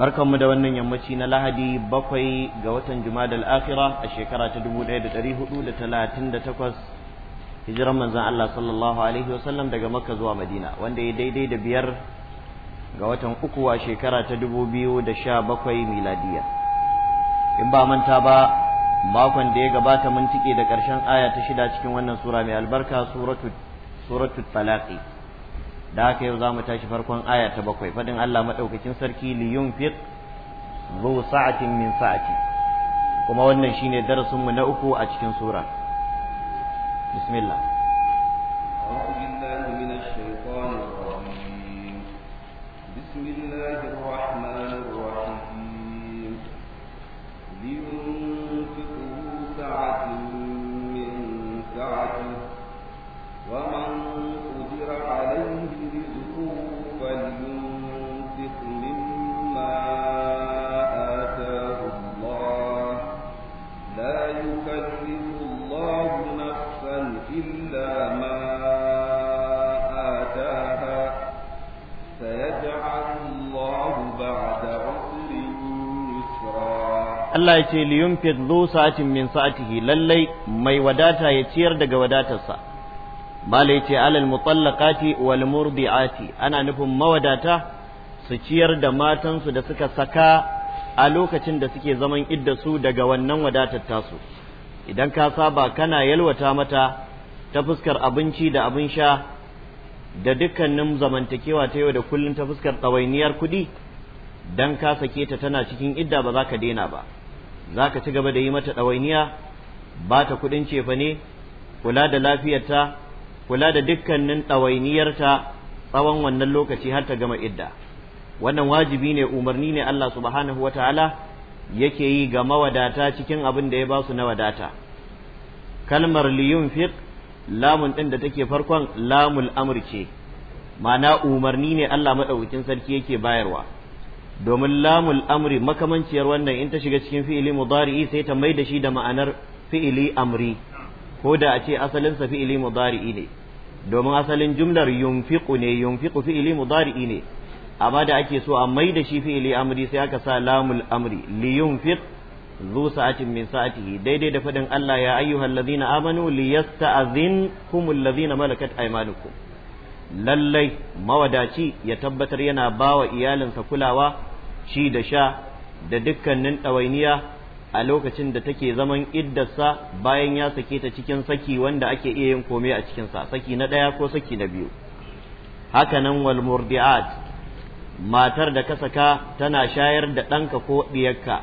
barkanmu da wannan yammaci na lahadi bakwai ga watan da akhira a shekara ta 1438 hijiran manzon Allah sallallahu alaihi wasallam daga makka zuwa madina wanda ya daidai da biyar ga watan uku a shekara ta da 2017 miladiya in ba manta ba makon da ya gabata mun tike da ƙarshen aya ta shida cikin wannan sura mai albarka suratul suratul da haka yau za mu tashi farkon aya ta bakwai faɗin Allah maɗaukakin sarki liyun fiq zo sa'atin min sa'ati kuma wannan shine darasin mu na uku a cikin sura bismillah بسم الله الرحمن الرحيم لينفقه سعة من سعته ومن Allah ya ce liyunfiq dhu sa'atin min sa'atihi lallai mai wadata ya ciyar daga wadatarsa mala ya ce alal mutallaqati wal murdiati ana nufin mawadata su ciyar da matansu da suka saka a lokacin da suke zaman idda su daga wannan wadatar tasu idan ka saba kana yalwata mata ta fuskar abinci da abin sha da dukkanin zamantakewa ta yau da kullum ta fuskar tsawainiyar kuɗi dan ka sake ta tana cikin idda ba za ka daina ba za ka ci gaba da yi mata ɗawainiya ba ta kuɗin cefa ne kula da lafiyarta kula da dukkanin ɗawainiyarta tsawon wannan lokaci har ta gama idda wannan wajibi ne umarni ne Allah subhanahu wataala yake yi ga mawadata cikin abin da ya ba su na wadata kalmar fiq lamun ɗin da take farkon lamul Amur ce ma'ana umarni ne Allah maɗaukakin sarki yake bayarwa domin lamul amri makamanciyar wannan in ta shiga cikin fi'ili mudari'i sai ta mai da shi da ma'anar fi'ili amri ko da a ce asalinsa fi'ili mudari'i ne domin asalin jumlar yunfiqu ne yunfiqu fi'ili mudari'i ne amma da ake so a mai da shi fi'ili amri sai aka sa lamul amri li yunfiq zu sa'atin min sa'atihi daidai da fadin Allah ya ayyuhal ladina amanu liyasta'zinkumul ladina malakat aymanukum lallai mawadaci ya tabbatar yana bawa iyalinsa kulawa ci da sha da dukkanin ɗawainiya a lokacin da take zaman iddarsa bayan ya sake ta cikin saki wanda ake iya yin komai a cikinsa saki na ɗaya ko saki na biyu hakanan wal matar da ka saka tana shayar da ɗanka ko ɗiyarka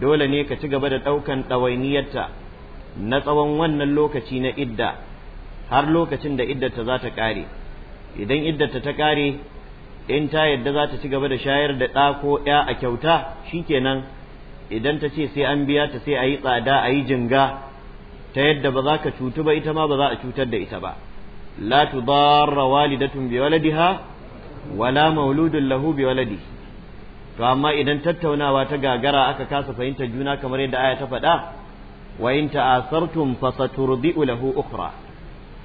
dole ne ka ci gaba da ɗaukan ɗawainiyarta na tsawon wannan lokaci na idda har lokacin da iddarta za ta ƙare idan iddarta ta ƙare in ta yadda za ta ci gaba da shayar da ɗa ko ya a kyauta shi shikenan idan ta ce sai an biya ta sai a yi tsada a yi jinga ta yadda ba za ka cutu ba ita ma ba za a cutar da ita ba la tudarra walidatun bi waladiha wala mauludun lahu bi waladi to amma idan tattaunawa ta gagara aka kasa fahimtar juna kamar yadda aya ta faɗa wa in ta'asartum fasaturdi'u lahu ukhra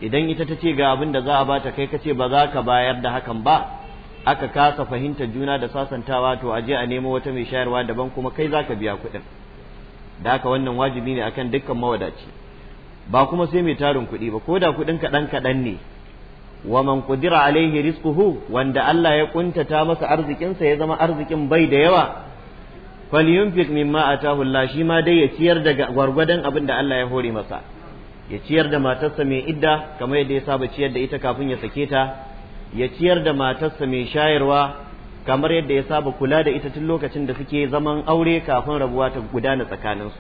idan ita ta ce ga abin da za a bata kai kace ba za ka bayar da hakan ba aka kasa fahimtar juna da sasantawa to a je a nemo wata mai shayarwa daban kuma kai za ka biya kuɗin da haka wannan wajibi ne akan dukkan mawadaci ba kuma sai mai tarin kuɗi ba ko da kuɗin kaɗan kaɗan ne wa man kudira alaihi rizquhu wanda Allah ya kuntata masa arzikinsa ya zama arzikin bai da yawa falyunfiq mimma atahu Allah shi ma dai ya ciyar daga gwargwadon abin da Allah ya hore masa ya ciyar da matarsa mai idda kamar yadda ya saba ciyar da ita kafin ya sake ta ya ciyar da matarsa mai shayarwa kamar yadda ya saba kula da ita tun lokacin da suke zaman aure kafin rabuwa ta gudana tsakaninsu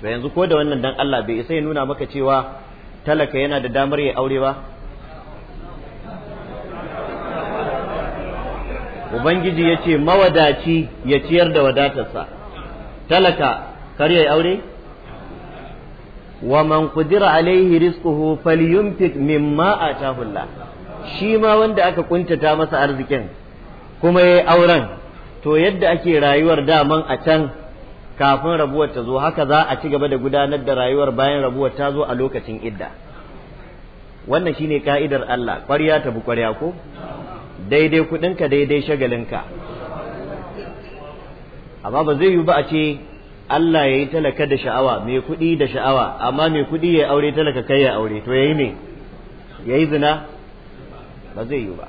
to yanzu ko da wannan dan Allah bai isa ya nuna maka cewa talaka yana da damar ya aure ba ubangiji ya ce mawadaci ya ciyar da wadatarsa talaka kar ya aure wa man qudira alaihi rizquhu falyunfiq mimma ataahu Allah shi ma wanda aka kuntata masa arzikin kuma ya yi auren to yadda ake rayuwar daman a can kafin rabuwar ta zo haka za a ci gaba da gudanar da rayuwar bayan rabuwar ta zo a lokacin idda wannan shine ka'idar Allah ƙwarya ta bi ƙwarya ko daidai kuɗinka daidai shagalinka amma ba zai yi ba a ce Allah ya yi talaka da sha'awa mai kuɗi da sha'awa amma mai kuɗi ya aure talaka kai ya aure to ya yi me ya yi zina ba zai yi ba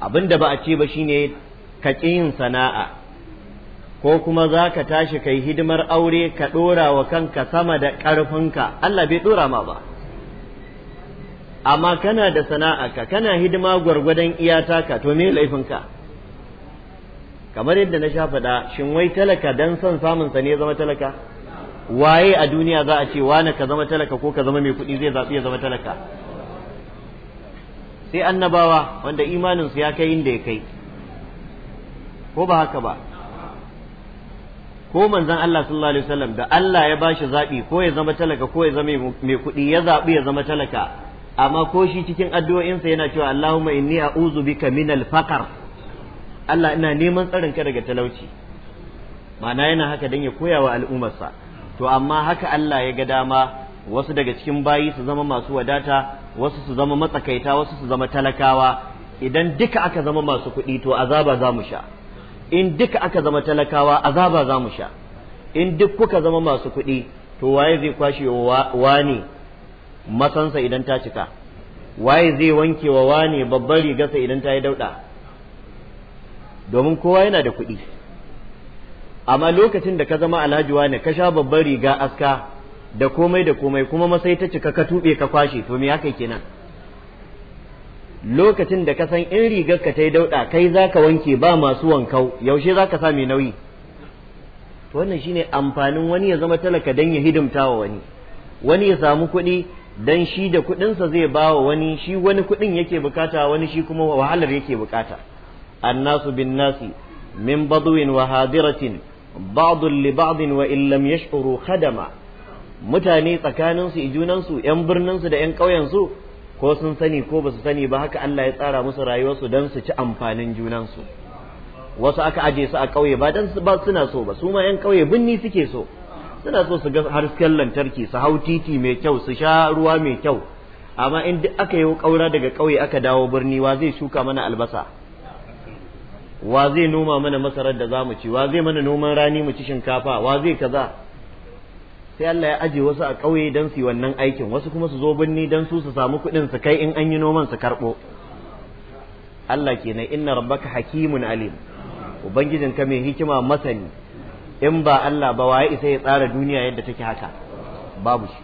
abin da ba a ce ba shine ka ƙi yin sana'a ko kuma za ka tashi kai hidimar aure ka ɗora wa kanka sama da ƙarfinka Allah bai ɗora ma ba amma kana da sana'a ka kana hidima gwargwadon iyata ka to me laifinka kamar yadda na sha faɗa shin wai talaka don son samun sa ne zama talaka waye a duniya za a ce wane ka zama talaka ko ka zama mai kuɗi zai zaɓi ya zama talaka sai annabawa wanda imaninsu ya kai inda ya kai ko ba haka ba ko manzon Allah sallallahu alaihi wasallam da Allah ya bashi zaɓi ko ya zama talaka ko ya zama mai kuɗi ya zabi ya zama talaka amma ko shi cikin addu'o'insa yana cewa Allahumma inni a'udhu bika minal faqr Allah ina neman tsarin ka daga talauci ma'ana yana haka dan ya koya wa al'ummarsa to amma haka Allah ya ga dama wasu daga cikin bayi su zama masu wadata wasu su zama matsakaita wasu su zama talakawa idan duka aka zama masu kuɗi to azaba za mu sha in duka aka zama talakawa azaba za mu sha in duk kuka zama masu kuɗi to waye zai kwashe wa wani masansa idan ta cika waye zai wanke wa wani babban rigarsa idan ta yi dauɗa domin kowa yana da kuɗi amma lokacin da ka zama alhaji wani ka sha babbar riga aska da komai da komai kuma masai ta cika ka tuɓe ka kwashe to me haka kenan lokacin da ka san in rigar ka ta yi dauɗa kai za ka wanke ba masu wankau yaushe za ka sa mai nauyi wannan shine amfanin wani ya zama talaka dan ya hidimta wa wani wani ya samu kuɗi dan shi da kuɗinsa zai ba wa wani shi wani kuɗin yake bukata wani shi kuma wahalar yake bukata annasu bin nasi min baduwin wa hadiratin ba'dun li ba'din wa illam yash'uru khadama mutane tsakaninsu ijunansu 'yan su da 'yan ƙauyensu ko sun sani ko ba su sani ba haka Allah ya tsara musu rayuwarsu don su ci amfanin junansu wasu aka aje su a ƙauye ba don ba suna so ba su ma 'yan ƙauye binni suke so suna so su ga harsken lantarki su hau titi mai kyau su sha ruwa mai kyau amma in duk aka yi ƙaura daga ƙauye aka dawo birni wa zai shuka mana albasa wa zai noma mana masarar da za mu ci wa zai mana noman rani mu ci shinkafa wa zai kaza sai Allah ya aje wasu a ƙauye don su yi wannan aikin wasu kuma su zo birni don su su samu kuɗin su kai in an yi noman su karɓo Allah kenan inna rabbaka hakimun alim ubangijin ka mai hikima masani in ba Allah ba waye isa ya tsara duniya yadda take haka babu shi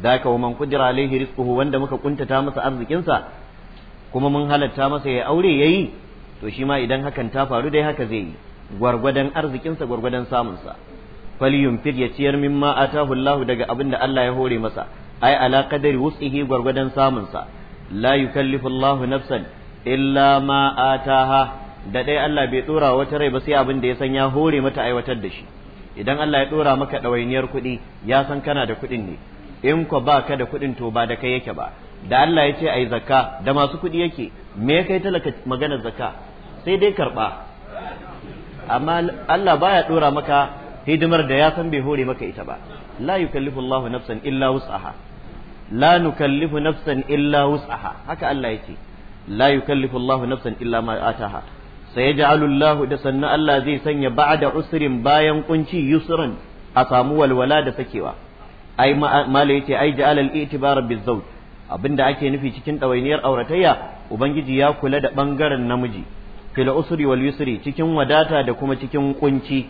da ka wa man kudira alaihi rizquhu wanda muka kuntata masa arzikinsa kuma mun halatta masa ya aure yayi to shi ma idan hakan ta faru dai haka zai yi gwargwadon arzikinsa gwargwadon sa falyunfir ya ciyar mimma atahu Allah daga abin da Allah ya hore masa ai ala qadari wus'ihi gwargwadon samun sa la yukallifu Allah nafsan illa ma ataha da dai Allah bai tsora wata rai ba sai abin da ya san ya hore mata aiwatar da shi idan Allah ya tsora maka ɗawainiyar kuɗi ya san kana da kuɗin ne in ko ba ka da kuɗin to ba da kai yake ba da Allah ya ce ai zakka da masu kuɗi yake me kai talaka maganar zakka sai dai karɓa amma Allah baya dora maka hidimar da ya san bai hore maka ita ba la yukallifu Allahu nafsan illa wus'aha la nukallifu nafsan illa wus'aha haka Allah yake la yukallifu Allahu nafsan illa ma ataha sayaj'alu Allahu da sannan Allah zai sanya ba'da usrin bayan kunci yusran a samu walwala da sakewa ai mala yace ai ja'al al-i'tibar bizawj abinda ake nufi cikin ɗawainiyar auratayya ubangiji ya kula da bangaren namiji fil usri wal yusri cikin wadata da kuma cikin kunci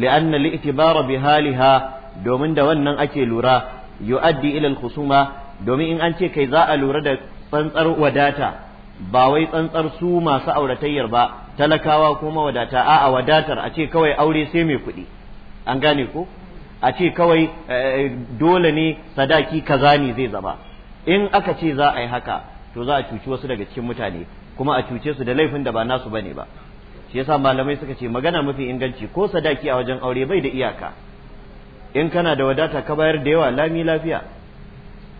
li'anna li'tibara bihaliha domin da wannan ake lura yu'addi ila al-khusuma domin in an ce kai za a lura da tsantsar wadata ba wai tsantsar su masu auratayyar ba talakawa ko mawadata a'a wadatar a ce kawai aure sai mai kuɗi an gane ko a ce kawai dole ne sadaki kaza ne zai zama in aka ce za a yi haka to za a cuci wasu daga cikin mutane kuma a cuce su da laifin da ba nasu bane ba shi yasa malamai suka ce magana mafi inganci ko sadaki a wajen aure bai da iyaka in kana da wadata ka bayar da yawa lami lafiya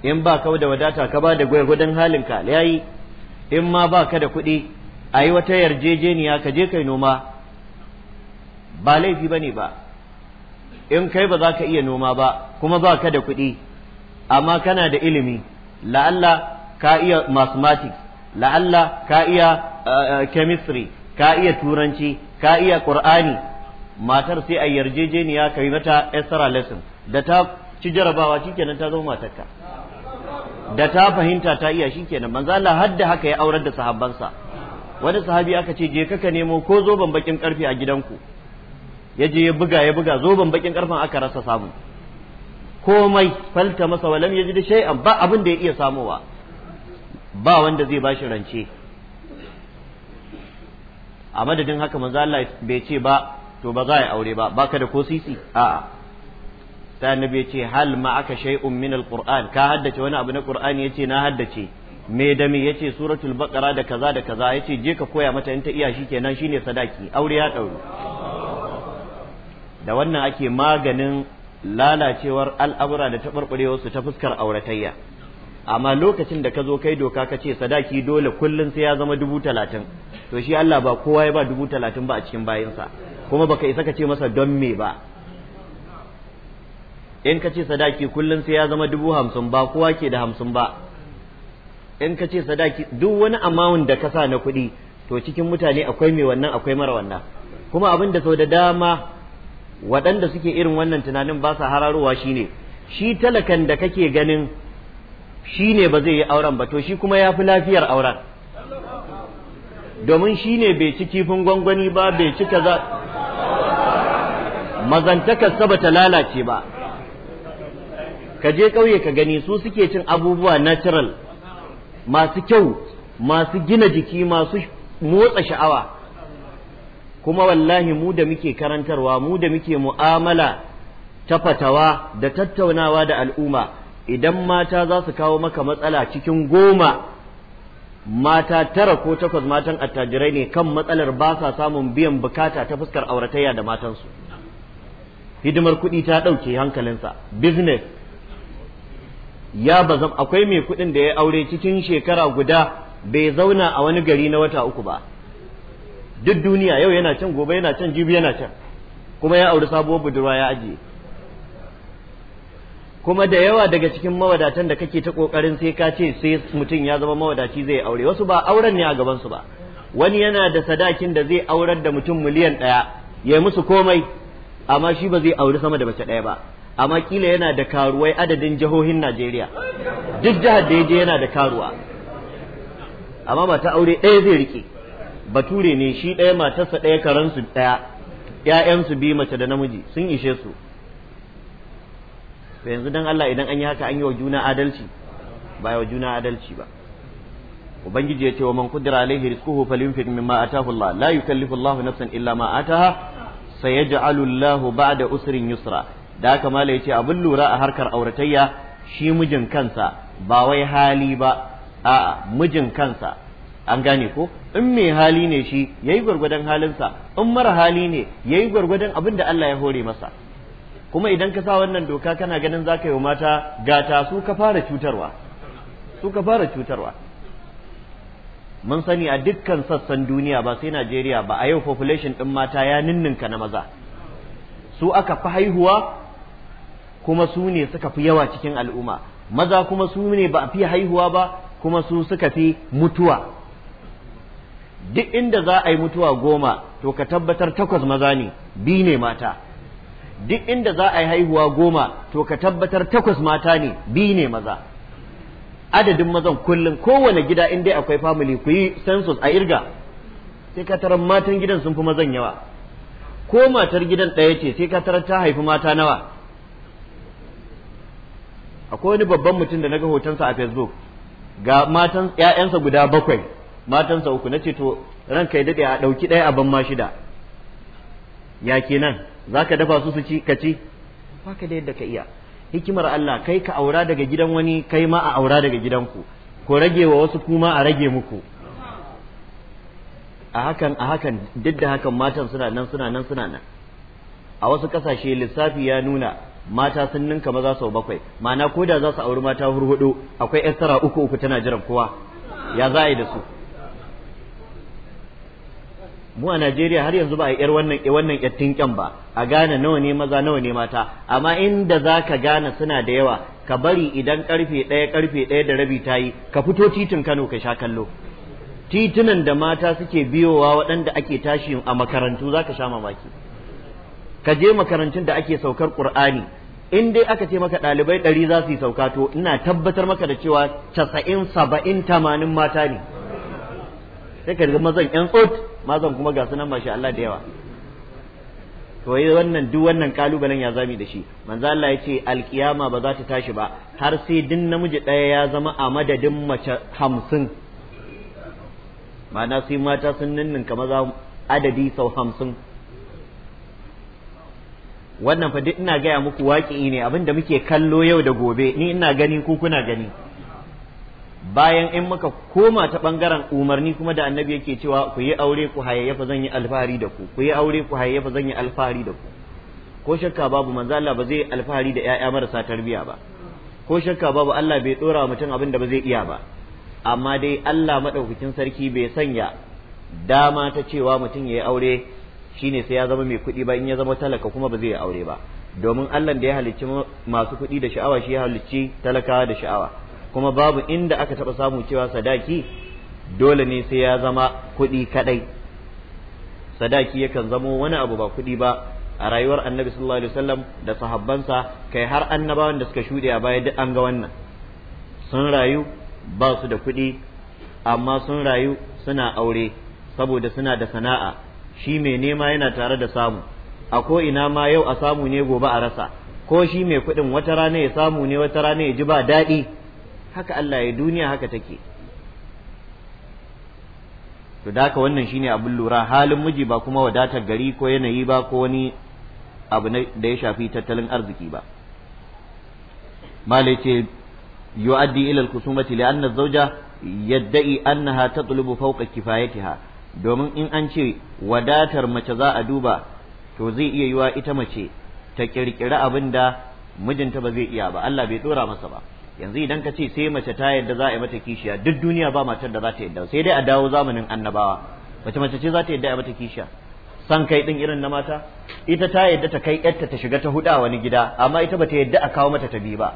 in ba ka da wadata ka ba da gwargwadon halinka yayi in ma ba ka da kuɗi a yi wata yarjejeniya ka je kai noma ba laifi ba ne ba in kai ba za ka iya noma ba kuma ba ka da kuɗi amma kana da ilimi la'alla ka iya mathematics la'alla ka iya eh, eh, chemistry ka iya turanci ka iya qur'ani matar sai a yarjejeniya ka yi mata extra lesson da ta ci jarabawa shikenan ta zama matarka da ta fahimta ta iya shikenan manzo Allah hadda haka ya aurar da sahabbansa wani sahabi aka ce je ka nemo ko zo bakin karfe a gidanku ya je ya buga ya buga zo bakin karfen aka rasa samu komai falta masa walam yajid shay'an ba abin da ya iya samowa ba wanda zai bashi rance a madadin haka manzo Allah bai ce ba to ba za a aure ba baka da ko sisi a'a sai annabi ce hal ma aka shay'un min alquran ka haddace wani abu na qur'ani yace na haddace me da me yace suratul baqara da kaza da kaza yace je ka koya mata in ta iya shikenan shine sadaki aure ya dauri da wannan ake maganin lalacewar al'abura da taɓarɓarewarsu ta fuskar auratayya amma lokacin da ka zo kai doka ka ce sadaki dole kullum sai ya zama dubu talatin to shi Allah ba kowa ya ba dubu talatin ba a cikin bayansa kuma baka isa ka ce masa don me ba in ka ce sadaki kullum sai ya zama dubu hamsin ba kowa ke da hamsin ba in ka ce sadaki duk wani amawun da ka sa na kuɗi to cikin mutane akwai mai wannan akwai mara wannan kuma abin da sau da dama waɗanda suke irin wannan tunanin ba sa hararowa shine shi talakan da kake ganin shi ne ba zai yi auren ba to shi kuma ya fi lafiyar auren domin shi ne bai ci kifin gwangwani ba bai ci kaza mazantakar ba ta lalace ba ka je ƙauye ka gani su suke cin abubuwa natural masu kyau masu gina jiki masu motsa sha'awa kuma wallahi mu da muke karantarwa mu da muke mu'amala ta fatawa da tattaunawa da al'umma idan mata za su kawo maka matsala cikin goma mata tara ko takwas matan attajirai ne kan matsalar ba sa samun biyan bukata ta fuskar auratayya da matansu hidimar kuɗi ta ɗauke hankalinsa business ya bazam akwai mai kuɗin da ya aure cikin shekara guda bai zauna a wani gari na wata uku ba duk duniya yau yana can gobe yana can jibi yana can kuma ya auri sabuwar budurwa ya ajiye kuma da yawa daga cikin mawadatan da kake ta kokarin sai ka ce sai mutum ya zama mawadaci zai aure wasu ba auren ne a gaban su ba wani yana da sadakin da zai aurar da mutum miliyan ɗaya ya musu komai amma shi ba zai auri sama da mace daya ba amma kila yana da karuwai adadin jihohin Najeriya duk jihar da ya je yana da karuwa amma mata aure ɗaya zai rike bature ne shi ɗaya matarsa ɗaya karansu ɗaya ‘ya'yansu biyu mace da namiji sun ishe su to yanzu dan Allah idan an yi haka an yi wa juna adalci ba wa juna adalci ba ubangiji ya ce wa man qudira alaihi rizquhu falyunfiq mimma ataahu Allah la yukallifu Allahu nafsan illa ma ataha sayaj'alu Allahu ba'da usrin yusra da haka mala yace abin lura a harkar auratayya shi mijin kansa ba wai hali ba a'a mijin kansa an gane ko in mai hali ne shi yayi gwargwadon halinsa in mara hali ne yayi gwargwadon abin da Allah ya hore masa kuma idan ka sa wannan doka kana ganin za ka yi mata gata su ka fara cutarwa su ka fara cutarwa mun sani a dukkan sassan duniya ba sai Najeriya ba a yau population ɗin mata ya ninninka na maza su aka fi haihuwa kuma su ne suka fi yawa cikin al'umma maza kuma su ne ba a fi haihuwa ba kuma su suka fi mutuwa duk inda za a yi mutuwa goma to ka tabbatar takwas maza ne bi ne mata duk inda za a yi haihuwa goma to ka tabbatar takwas mata ne bi ne maza adadin mazan kullum kowane gida in dai akwai family ku yi census a irga sai ka tarar matan gidan sun fi mazan yawa ko matar gidan ɗaya ce sai ka tarar ta haifi mata nawa akwai wani babban mutum da naga hotonsa a facebook ga matan 'ya'yansa guda bakwai matansa uku na ce to ranka ya daɗe a ɗauki ɗaya a ban ma shida ya kenan Za ka dafa su su ci ka ci ka da yadda ka iya hikimar Allah kai ka aura daga gidan wani kai ma a aura daga gidanku ko rage wa wasu kuma a rage muku a hakan a hakan duk da hakan matan suna nan suna nan suna nan a wasu kasashe lissafi ya nuna mata sun ninka maza sau bakwai ma'ana ko da za su auri mata hurhudu akwai estara uku uku tana jiran kowa ya za a yi da su mu a Najeriya har yanzu ba a yar wannan wannan yattin ba a gane nawa ne maza nawa ne mata amma inda zaka gane suna da yawa ka bari idan karfe ɗaya karfe ɗaya da rabi ta yi ka fito titin Kano ka sha kallo titunan da mata suke biyowa waɗanda ake tashi a makarantu zaka sha mamaki ka je makarantun da ake saukar Qur'ani in dai aka ce maka ɗalibai ɗari za su yi sauka to ina tabbatar maka da cewa casa'in saba'in tamanin mata ne sai ka mazan 'yan tsot mazan kuma ga sunan mashi Allah da yawa to yi wannan duk wannan kalubalen ya zami da shi manzo Allah ya ce alkiyama ba za ta tashi ba har sai din namiji ɗaya ya zama a madadin mace hamsin ma'ana sai mata sun ninninka maza adadi sau hamsin wannan fa duk ina gaya muku waƙi ne abin da muke kallo yau da gobe ni ina gani ku kuna gani bayan in muka koma ta bangaren umarni kuma da annabi yake cewa ku yi aure ku hayayyafa zan yi alfahari da ku ku yi aure ku hayayyafa zan yi alfahari da ku ko shakka babu manzo Allah ba zai alfahari da ƴaƴa marasa tarbiya ba ko shakka babu Allah bai dora wa mutum abin da ba zai iya ba amma dai Allah madaukakin sarki bai sanya dama ta cewa mutum ya yi aure shine sai ya zama mai kuɗi ba in ya zama talaka kuma ba zai yi aure ba domin Allah da ya halicci masu kuɗi da sha'awa shi ya halicci talakawa da sha'awa kuma babu inda aka taɓa samu cewa sadaki dole ne sai ya zama kuɗi kaɗai sadaki yakan zamo wani abu ba kuɗi ba a rayuwar annabi sallallahu alaihi wasallam da sahabbansa kai har annabawan da suka shuɗe a baya duk an ga wannan sun rayu ba su da kuɗi amma sun rayu suna aure saboda suna da sana'a shi mai nema yana tare da samu a ko ina ma yau a samu ne gobe a rasa ko shi mai kuɗin wata rana ya samu ne wata rana ya ji ba daɗi haka Allah ya duniya haka take to da haka wannan shine abin lura halin miji ba kuma wadatar gari ko yanayi ba ko wani abu da ya shafi tattalin arziki ba malai ce yu'addi ila al-kusumati li'anna az-zawja yadda'i annaha tatlubu fawqa kifayatiha domin in an ce wadatar mace za a duba to zai iya yiwa ita mace ta kirkiri abin da mijinta ba zai iya ba Allah bai dora masa ba yanzu idan ka ce sai mace ta yadda za a yi mata kishiya duk duniya ba matar da za ta yadda sai dai a dawo zamanin annabawa mace mace ce za ta yadda a mata kishiya san kai din irin na mata ita ta yadda ta kai yarta ta shiga ta huda wani gida amma ita bata yadda a kawo mata ta bi ba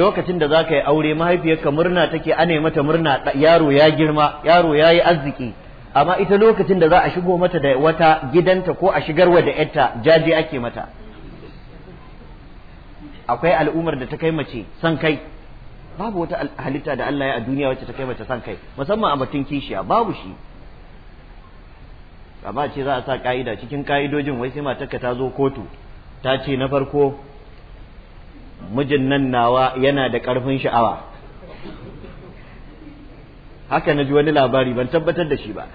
lokacin da za ka yi aure mahaifiyarka murna take ane mata murna yaro ya girma yaro ya yi arziki amma ita lokacin da za a shigo mata da wata gidanta ko a shigarwa da yarta jaje ake mata akwai al'ummar da ta kai mace san kai babu wata halitta da Allah ya a duniya wacce ta kai mace san kai musamman a batun kishiya babu shi amma ce za a sa ka'ida cikin ka'idojin wai sai matarka ta zo kotu ta ce na farko mijin nan nawa yana da ƙarfin sha'awa haka na ji wani labari ban tabbatar da shi ba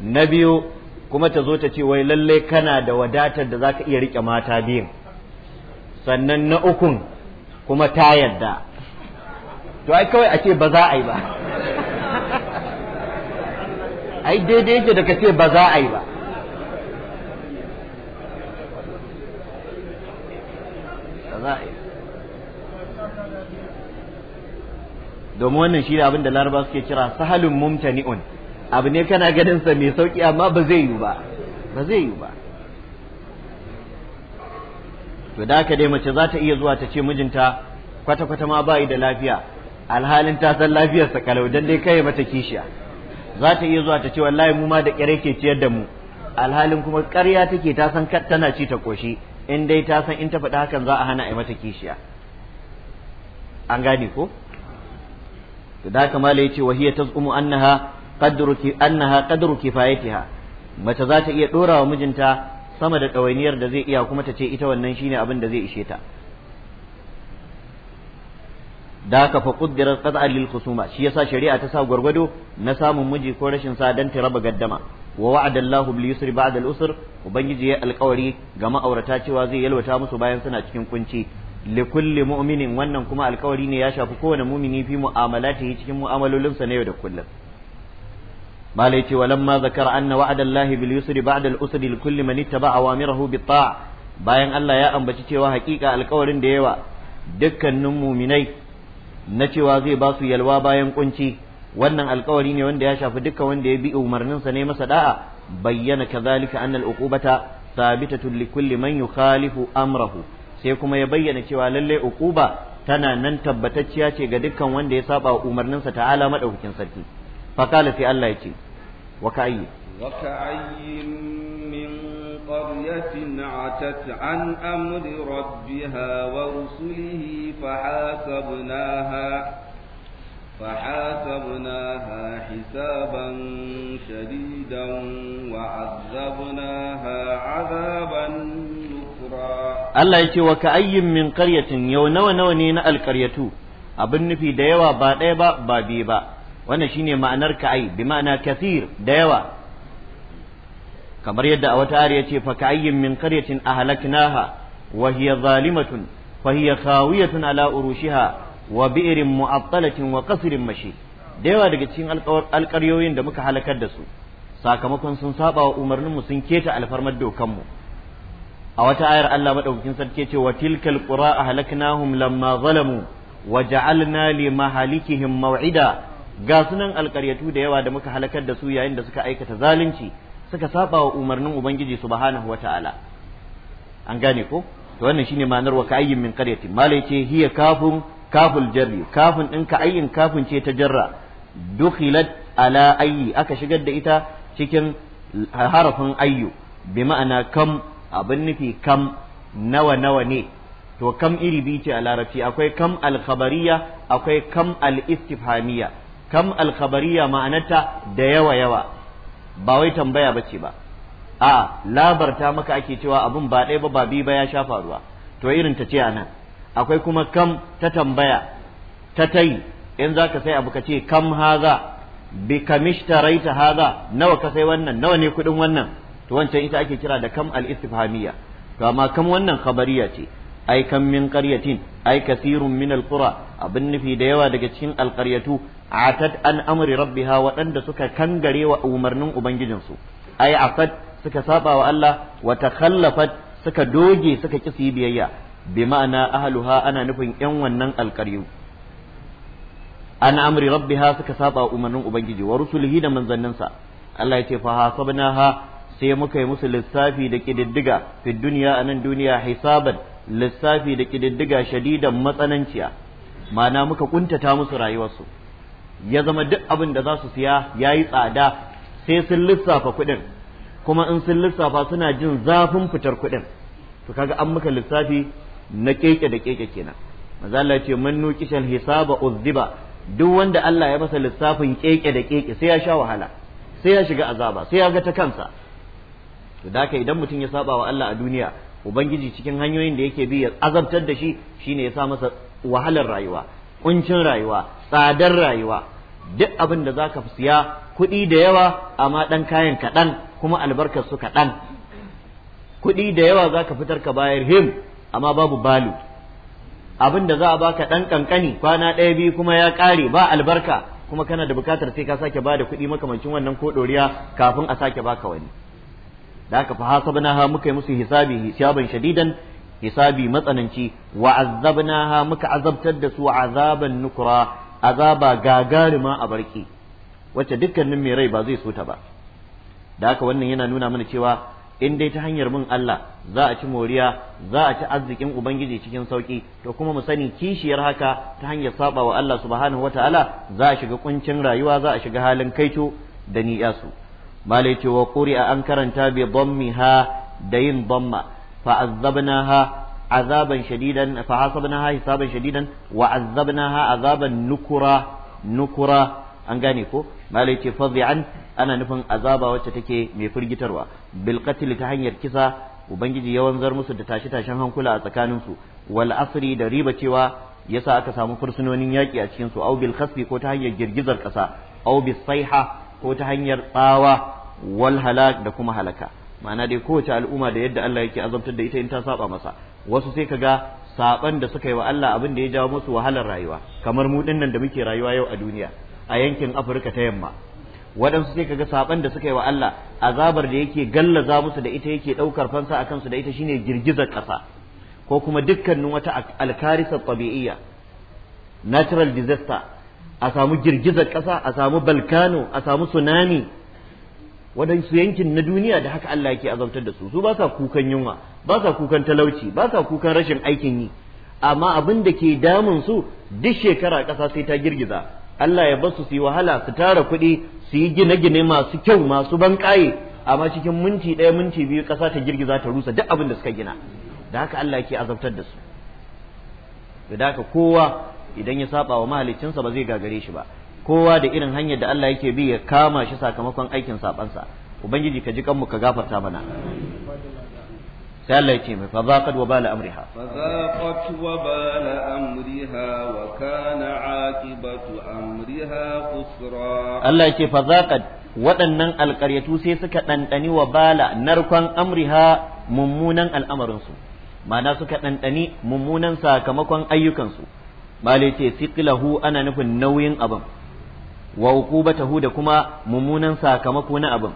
na biyu kuma ta zo ta ce wai lallai kana da wadatar da zaka iya rike mata biyun sannan na ukun kuma ta yadda to ai kawai a ce ba za a yi ba ai daidai yake da ka ce ba za a yi ba domin wannan shi abin da laraba suke kira sahalin mumtani'un abu ne kana ganin sa mai sauki amma ba zai yi ba ba zai yi ba to da haka dai mace za ta iya zuwa ta ce mijinta kwata-kwata ma bayi da lafiya alhalin ta san lafiyar sa kalau dan dai kai mata kishiya za ta iya zuwa ta ce wallahi mu ma da kyare ke ciyar da mu alhalin kuma ƙarya take ta san tana ci ta koshi in dai ta san in ta faɗi hakan za a hana a mata kishiya an gane ko to da haka mala ce wahiya tazumu annaha qadru annaha qadru kifayatiha mace za ta iya dora wa mijinta sama da ɗawainiyar da zai iya kuma ta ce ita wannan shi ne abin da zai ishe ta da haka fa quddirat qad'a lil khusuma shi yasa shari'a ta sa gwargwado na samun miji ko rashin sa dan ta raba gaddama wa wa'ada Allahu bil yusri ba'da al usr ubangiji ya alƙawari ga ma'aurata cewa zai yalwata musu bayan suna cikin kunci likulli kulli mu'minin wannan kuma alƙawari ne ya shafi kowane mumini fi mu'amala mu'amalatihi cikin mu'amalolinsa na yau da kullum malai ce ma zakara anna wa'adallahi bil yusri ba'da al usri li kulli man ittaba awamirahu bi ta' bayan Allah ya ambaci cewa hakika alkawarin da yawa dukkanin muminai na cewa zai ba su yalwa bayan kunci wannan alkawari ne wanda ya shafi dukkan wanda ya bi umarninsa ne masa da'a bayyana kazalika annal uqubata sabitatun likulli man yukhalifu amrahu sai kuma ya bayyana cewa lalle uquba tana nan tabbatacciya ce ga dukkan wanda ya saba umarninsa ta'ala madaukakin sarki fa sai Allah ya ce وكأي وكأي من قرية عتت عن أمر ربها ورسله فحاسبناها فحاسبناها حسابا شديدا وعذبناها عذابا نكرا الله يتي وكأي من قرية يو نوى نوى نينا القرية abin nufi da yawa ba ɗaya ba ba biyu ba wannan shine ma'anar ka'ai bi ma'ana kathir da yawa kamar yadda a wata ariya ce fa ka'ayyin min qaryatin ahlaknaha wa hiya zalimatun fa hiya khawiyatun ala urushiha wa bi'rin mu'attalatin wa qasrin mashi da yawa daga cikin alƙaryoyin da muka halakar da su sakamakon sun saba wa umarninmu sun keta alfarmar dokanmu a wata ayar Allah madaukakin sarki ce wa tilkal qura ahlaknahum lamma zalamu wa ja'alna li ga sunan alƙaryatu da yawa da muka halakar da su yayin da suka aikata zalunci suka saba wa umarnin ubangiji subhanahu wata'ala an gane ko to wannan shine ma'anar wa ka'ayyin min qaryatin malai ce hiya kafun kaful jarri kafun din ayyin kafun ce ta jarra dukhilat ala ayyi aka shigar da ita cikin harafin ayyu bi ma'ana kam abin nufi kam nawa nawa ne to kam iri bi ce a larabci akwai kam alkhabariya akwai kam al-istifhamiyya kam alkhabariya ma'anarta da yawa yawa ba wai tambaya bace ba a labarta maka ake cewa abun ba ɗaya ba ba ba ya sha faruwa to irin ta ce anan akwai kuma kam ta tambaya ta tai in za ka sai abu ka ce kam haza bi kamishtaraita haza nawa ka sai wannan nawa ne kuɗin wannan to wancan ita ake kira da kam al-istifhamiyya to amma kam wannan khabariya ce ai kam min qaryatin ai kasirun min al-qura abin nufi da yawa daga cikin alƙaryatu atat an amri rabbiha waɗanda suka kangare wa umarnin ubangijinsu ay afat suka saba wa Allah wa takhallafat suka doge suka ki yi biyayya bi ma'ana ahluha ana nufin yan wannan alƙaryu an amri rabbiha suka saba wa umarnin ubangiji wa rusulihi da manzanninsa Allah ya ce fa hasabnaha sai muka yi musu lissafi da kididdiga fi duniya a nan duniya hisaban lissafi da kididdiga shadidan matsananciya ma'ana muka kuntata musu rayuwarsu ya zama duk abin da za su siya ya yi tsada sai sun lissafa kuɗin kuma in sun lissafa suna jin zafin fitar kuɗin to kaga an muka lissafi na keke da keke kenan maza Allah ce man nuqishal hisaba uzziba duk wanda Allah ya masa lissafin keke da keke sai ya sha wahala sai ya shiga azaba sai ya ga ta kansa to da ka idan mutum ya saba wa Allah a duniya ubangiji cikin hanyoyin da yake bi ya azabtar da shi shine ya sa masa wahalar rayuwa kuncin rayuwa tsadar rayuwa duk abin da zaka siya kuɗi da yawa amma ɗan kayan kaɗan kuma albarkar su kaɗan kuɗi da yawa zaka fitar ka bayar him amma babu balu abin da za a baka ɗan kankani kwana ɗaya biyu kuma ya ƙare ba albarka kuma kana da bukatar sai ka sake da kuɗi makamancin wannan ko ɗoriya kafin a sake baka wani da aka fa ha muka yi musu hisabi hisaban shadidan hisabi matsananci wa ha muka azabtar da su azaban nukura azaba gagarima a barki wacce dukkanin mai rai ba zai so ta ba da haka wannan yana nuna mana cewa in dai ta hanyar bin Allah za a ci moriya za a ci arzikin ubangiji cikin sauki to kuma mu sani kishiyar haka ta hanyar saba wa Allah subhanahu wataala za a shiga kuncin rayuwa za a shiga halin kaito da yasu malai cewa a an karanta bi dhammiha da yin dhamma fa azzabnaha azaban shadidan fa hasabnaha hisaban shadidan wa azabnaha azaban nukura nukura an gane ko malai ce ana nufin azaba wacce take mai firgitarwa bil qatl ta hanyar kisa ubangiji ya wanzar musu da tashi tashin hankula a tsakanin su wal asri da riba cewa yasa aka samu fursunonin yaki a cikin su au bil khasfi ko ta hanyar girgizar kasa au bis ko ta hanyar tsawa wal halak da kuma halaka ma'ana dai kowace al'umma da yadda Allah yake azabtar da ita in ta saba masa wasu sai ka ga saban da suka yi wa Allah abin da ya jawo musu wahalar rayuwa kamar mu dinnan da muke rayuwa yau a duniya a yankin Afirka ta yamma waɗansu sai kaga saban da suka yi wa Allah azabar da yake gallaza musu da ita yake ɗaukar fansa a kansu da ita shine girgizar ƙasa ko kuma dukkanin wata alkarisar tabi'iyya natural disaster a samu girgizar ƙasa a samu balkano a samu tsunami waɗansu yankin na duniya da haka Allah yake azabtar da su su ba sa kukan yunwa ba sa kukan talauci ba sa kukan rashin aikin yi amma abin da ke damun su duk shekara ƙasa sai ta girgiza Allah ya basu su yi wahala su tara kuɗi su yi gine-gine masu kyau masu banƙaye amma cikin minti ɗaya minti biyu ƙasa ta girgiza ta rusa duk abin da suka gina da haka Allah yake azabtar da su da haka kowa idan ya saba wa mahaliccinsa ba zai gagare shi ba kowa da irin hanyar da Allah yake bi ya kama shi sakamakon aikin sabansa ubangiji ka ji kanmu ka gafarta mana sai Allah yake mai fazaqat wa bala amriha fazaqat wa bala amriha wa kana aqibatu amriha khusra Allah yake fazaqat waɗannan alƙaryatu sai suka ɗanɗani wa bala narkon amriha mummunan al'amarinsu ma'ana suka ɗanɗani mummunan sakamakon ayyukansu bale ce siqilahu ana nufin nauyin abin wa uqubatahu da kuma mummunan sakamako na abin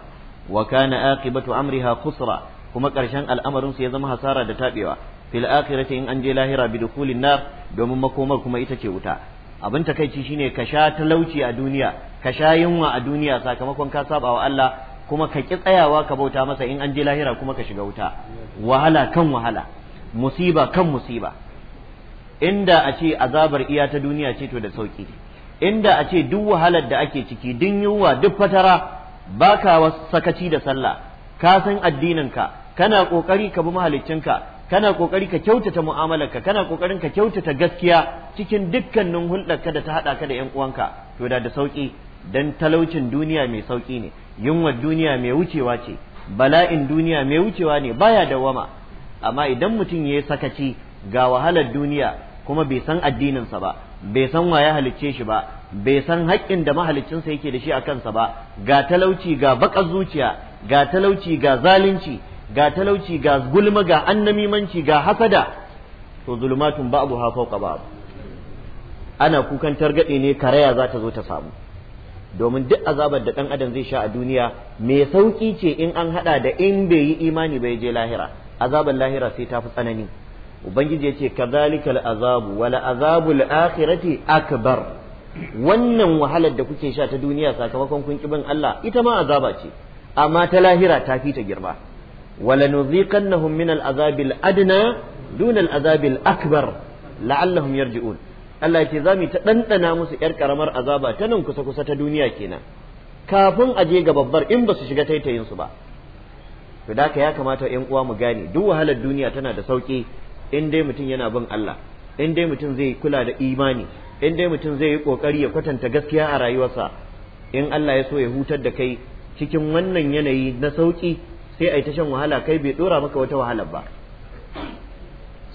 wa kana aqibatu amriha khusra kuma ƙarshen al'amarin su ya zama hasara da tabewa fil akhirati in an je lahira bi dukhulin nar domin makomar kuma ita ce wuta abin takeici shine ka sha talauci a duniya ka sha yunwa a duniya sakamakon ka saba wa Allah kuma ka ki tsayawa ka bauta masa in an je lahira kuma ka shiga wuta wahala kan wahala musiba kan musiba inda a ce azabar iya ta duniya ce to da sauki inda a ce duk wahalar da ake ciki duk yunwa duk fatara ba ka sakaci da sallah ka san addininka kana ƙoƙari ka bi mahaliccinka kana ƙoƙari ka kyautata mu'amalarka kana ƙoƙarin ka kyautata gaskiya cikin dukkanin ka da ta haɗa ka da 'yan uwanka to da da sauƙi dan talaucin duniya mai sauƙi ne yunwar duniya mai wucewa ce bala'in duniya mai wucewa ne baya dawwama amma idan mutum ya yi sakaci ga wahalar duniya kuma bai san addininsa ba bai san wa ya halicce shi ba bai san haƙƙin da mahaliccinsa yake da shi a kansa ba ga talauci ga baƙar zuciya ga talauci ga zalunci ga talauci ga gulma ga annamimanci ga hasada to zulumatun babu ha fauka babu ana kukan targaɗe ne karaya za ta zo ta samu domin duk azabar da ɗan adam zai sha a duniya mai sauƙi ce in an haɗa da in bai yi imani bai je lahira azabar lahira sai ta fi tsanani ubangiji yace kadhalikal azabu wala azabul akhirati akbar wannan wahalar da kuke sha ta duniya sakamakon kun kibin Allah ita ma azaba ce amma ta lahira ta fi ta girma wala nuziqannahum min al azabil adna dun al azabil akbar la'allahum yarji'un Allah ce za mu ta ɗanɗana musu ‘yar ƙaramar azaba ta nan kusa-kusa ta duniya kenan kafin a je ga babbar in ba su shiga su ba. To da ya kamata ‘yan uwa mu gane duk wahalar duniya tana da sauƙi in dai mutum yana bin Allah in dai mutum zai kula da imani in dai mutum zai yi kokari ya kwatanta gaskiya a rayuwarsa in Allah ya so ya hutar da kai cikin wannan yanayi na sauki sai a yi ta shan wahala kai bai dora maka wata wahala ba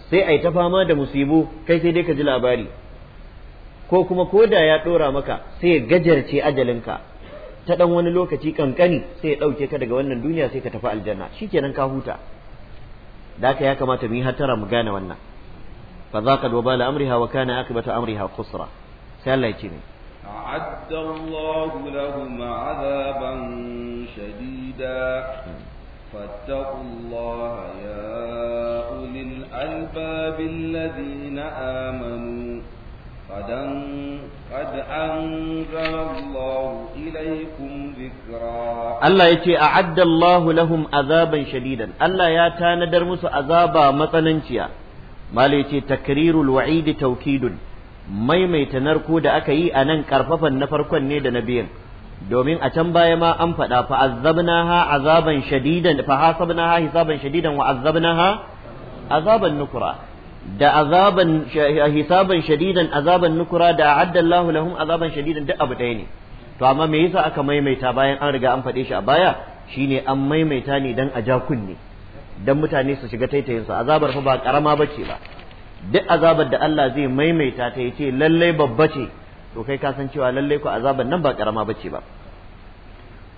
sai a yi ta fama da musibu kai sai dai ka ji labari ko kuma koda ya dora maka sai ya gajarce ajalinka ta dan wani lokaci kankani sai ya dauke ka daga wannan duniya sai ka tafi aljanna shikenan ka huta daka ya kamata mu yi hatara mu gane wannan fa zaqad wabala amriha wa kana akibatu amriha khusra sai Allah ya ne أعد الله لهم قد, قد أنزل الله إليكم ذكرا الله يتي أعد الله لهم عذابا شديدا الله ياتان درمس عذابا مطننشيا ما يتي تكرير الوعيد توكيد maimaita narko da aka yi a nan karfafan na farkon ne da na biyan domin a can baya ma an faɗa fa ha azaban shadidan fa hasabnaha hisaban shadidan wa azabnaha azaban nukura da azaban hisaban shadidan azaban nukura da a'adda Allahu lahum azaban shadidan duk abu ɗaya ne to amma me yasa aka maimaita bayan an riga an faɗe shi a baya shine an maimaita ne dan a ja kunne dan mutane su shiga taitayin su azabar fa ba karama bace ba duk azabar da Allah zai maimaita ta yace lallai babba ce to kai ka san cewa lallai ku azabar nan ba karama bace ba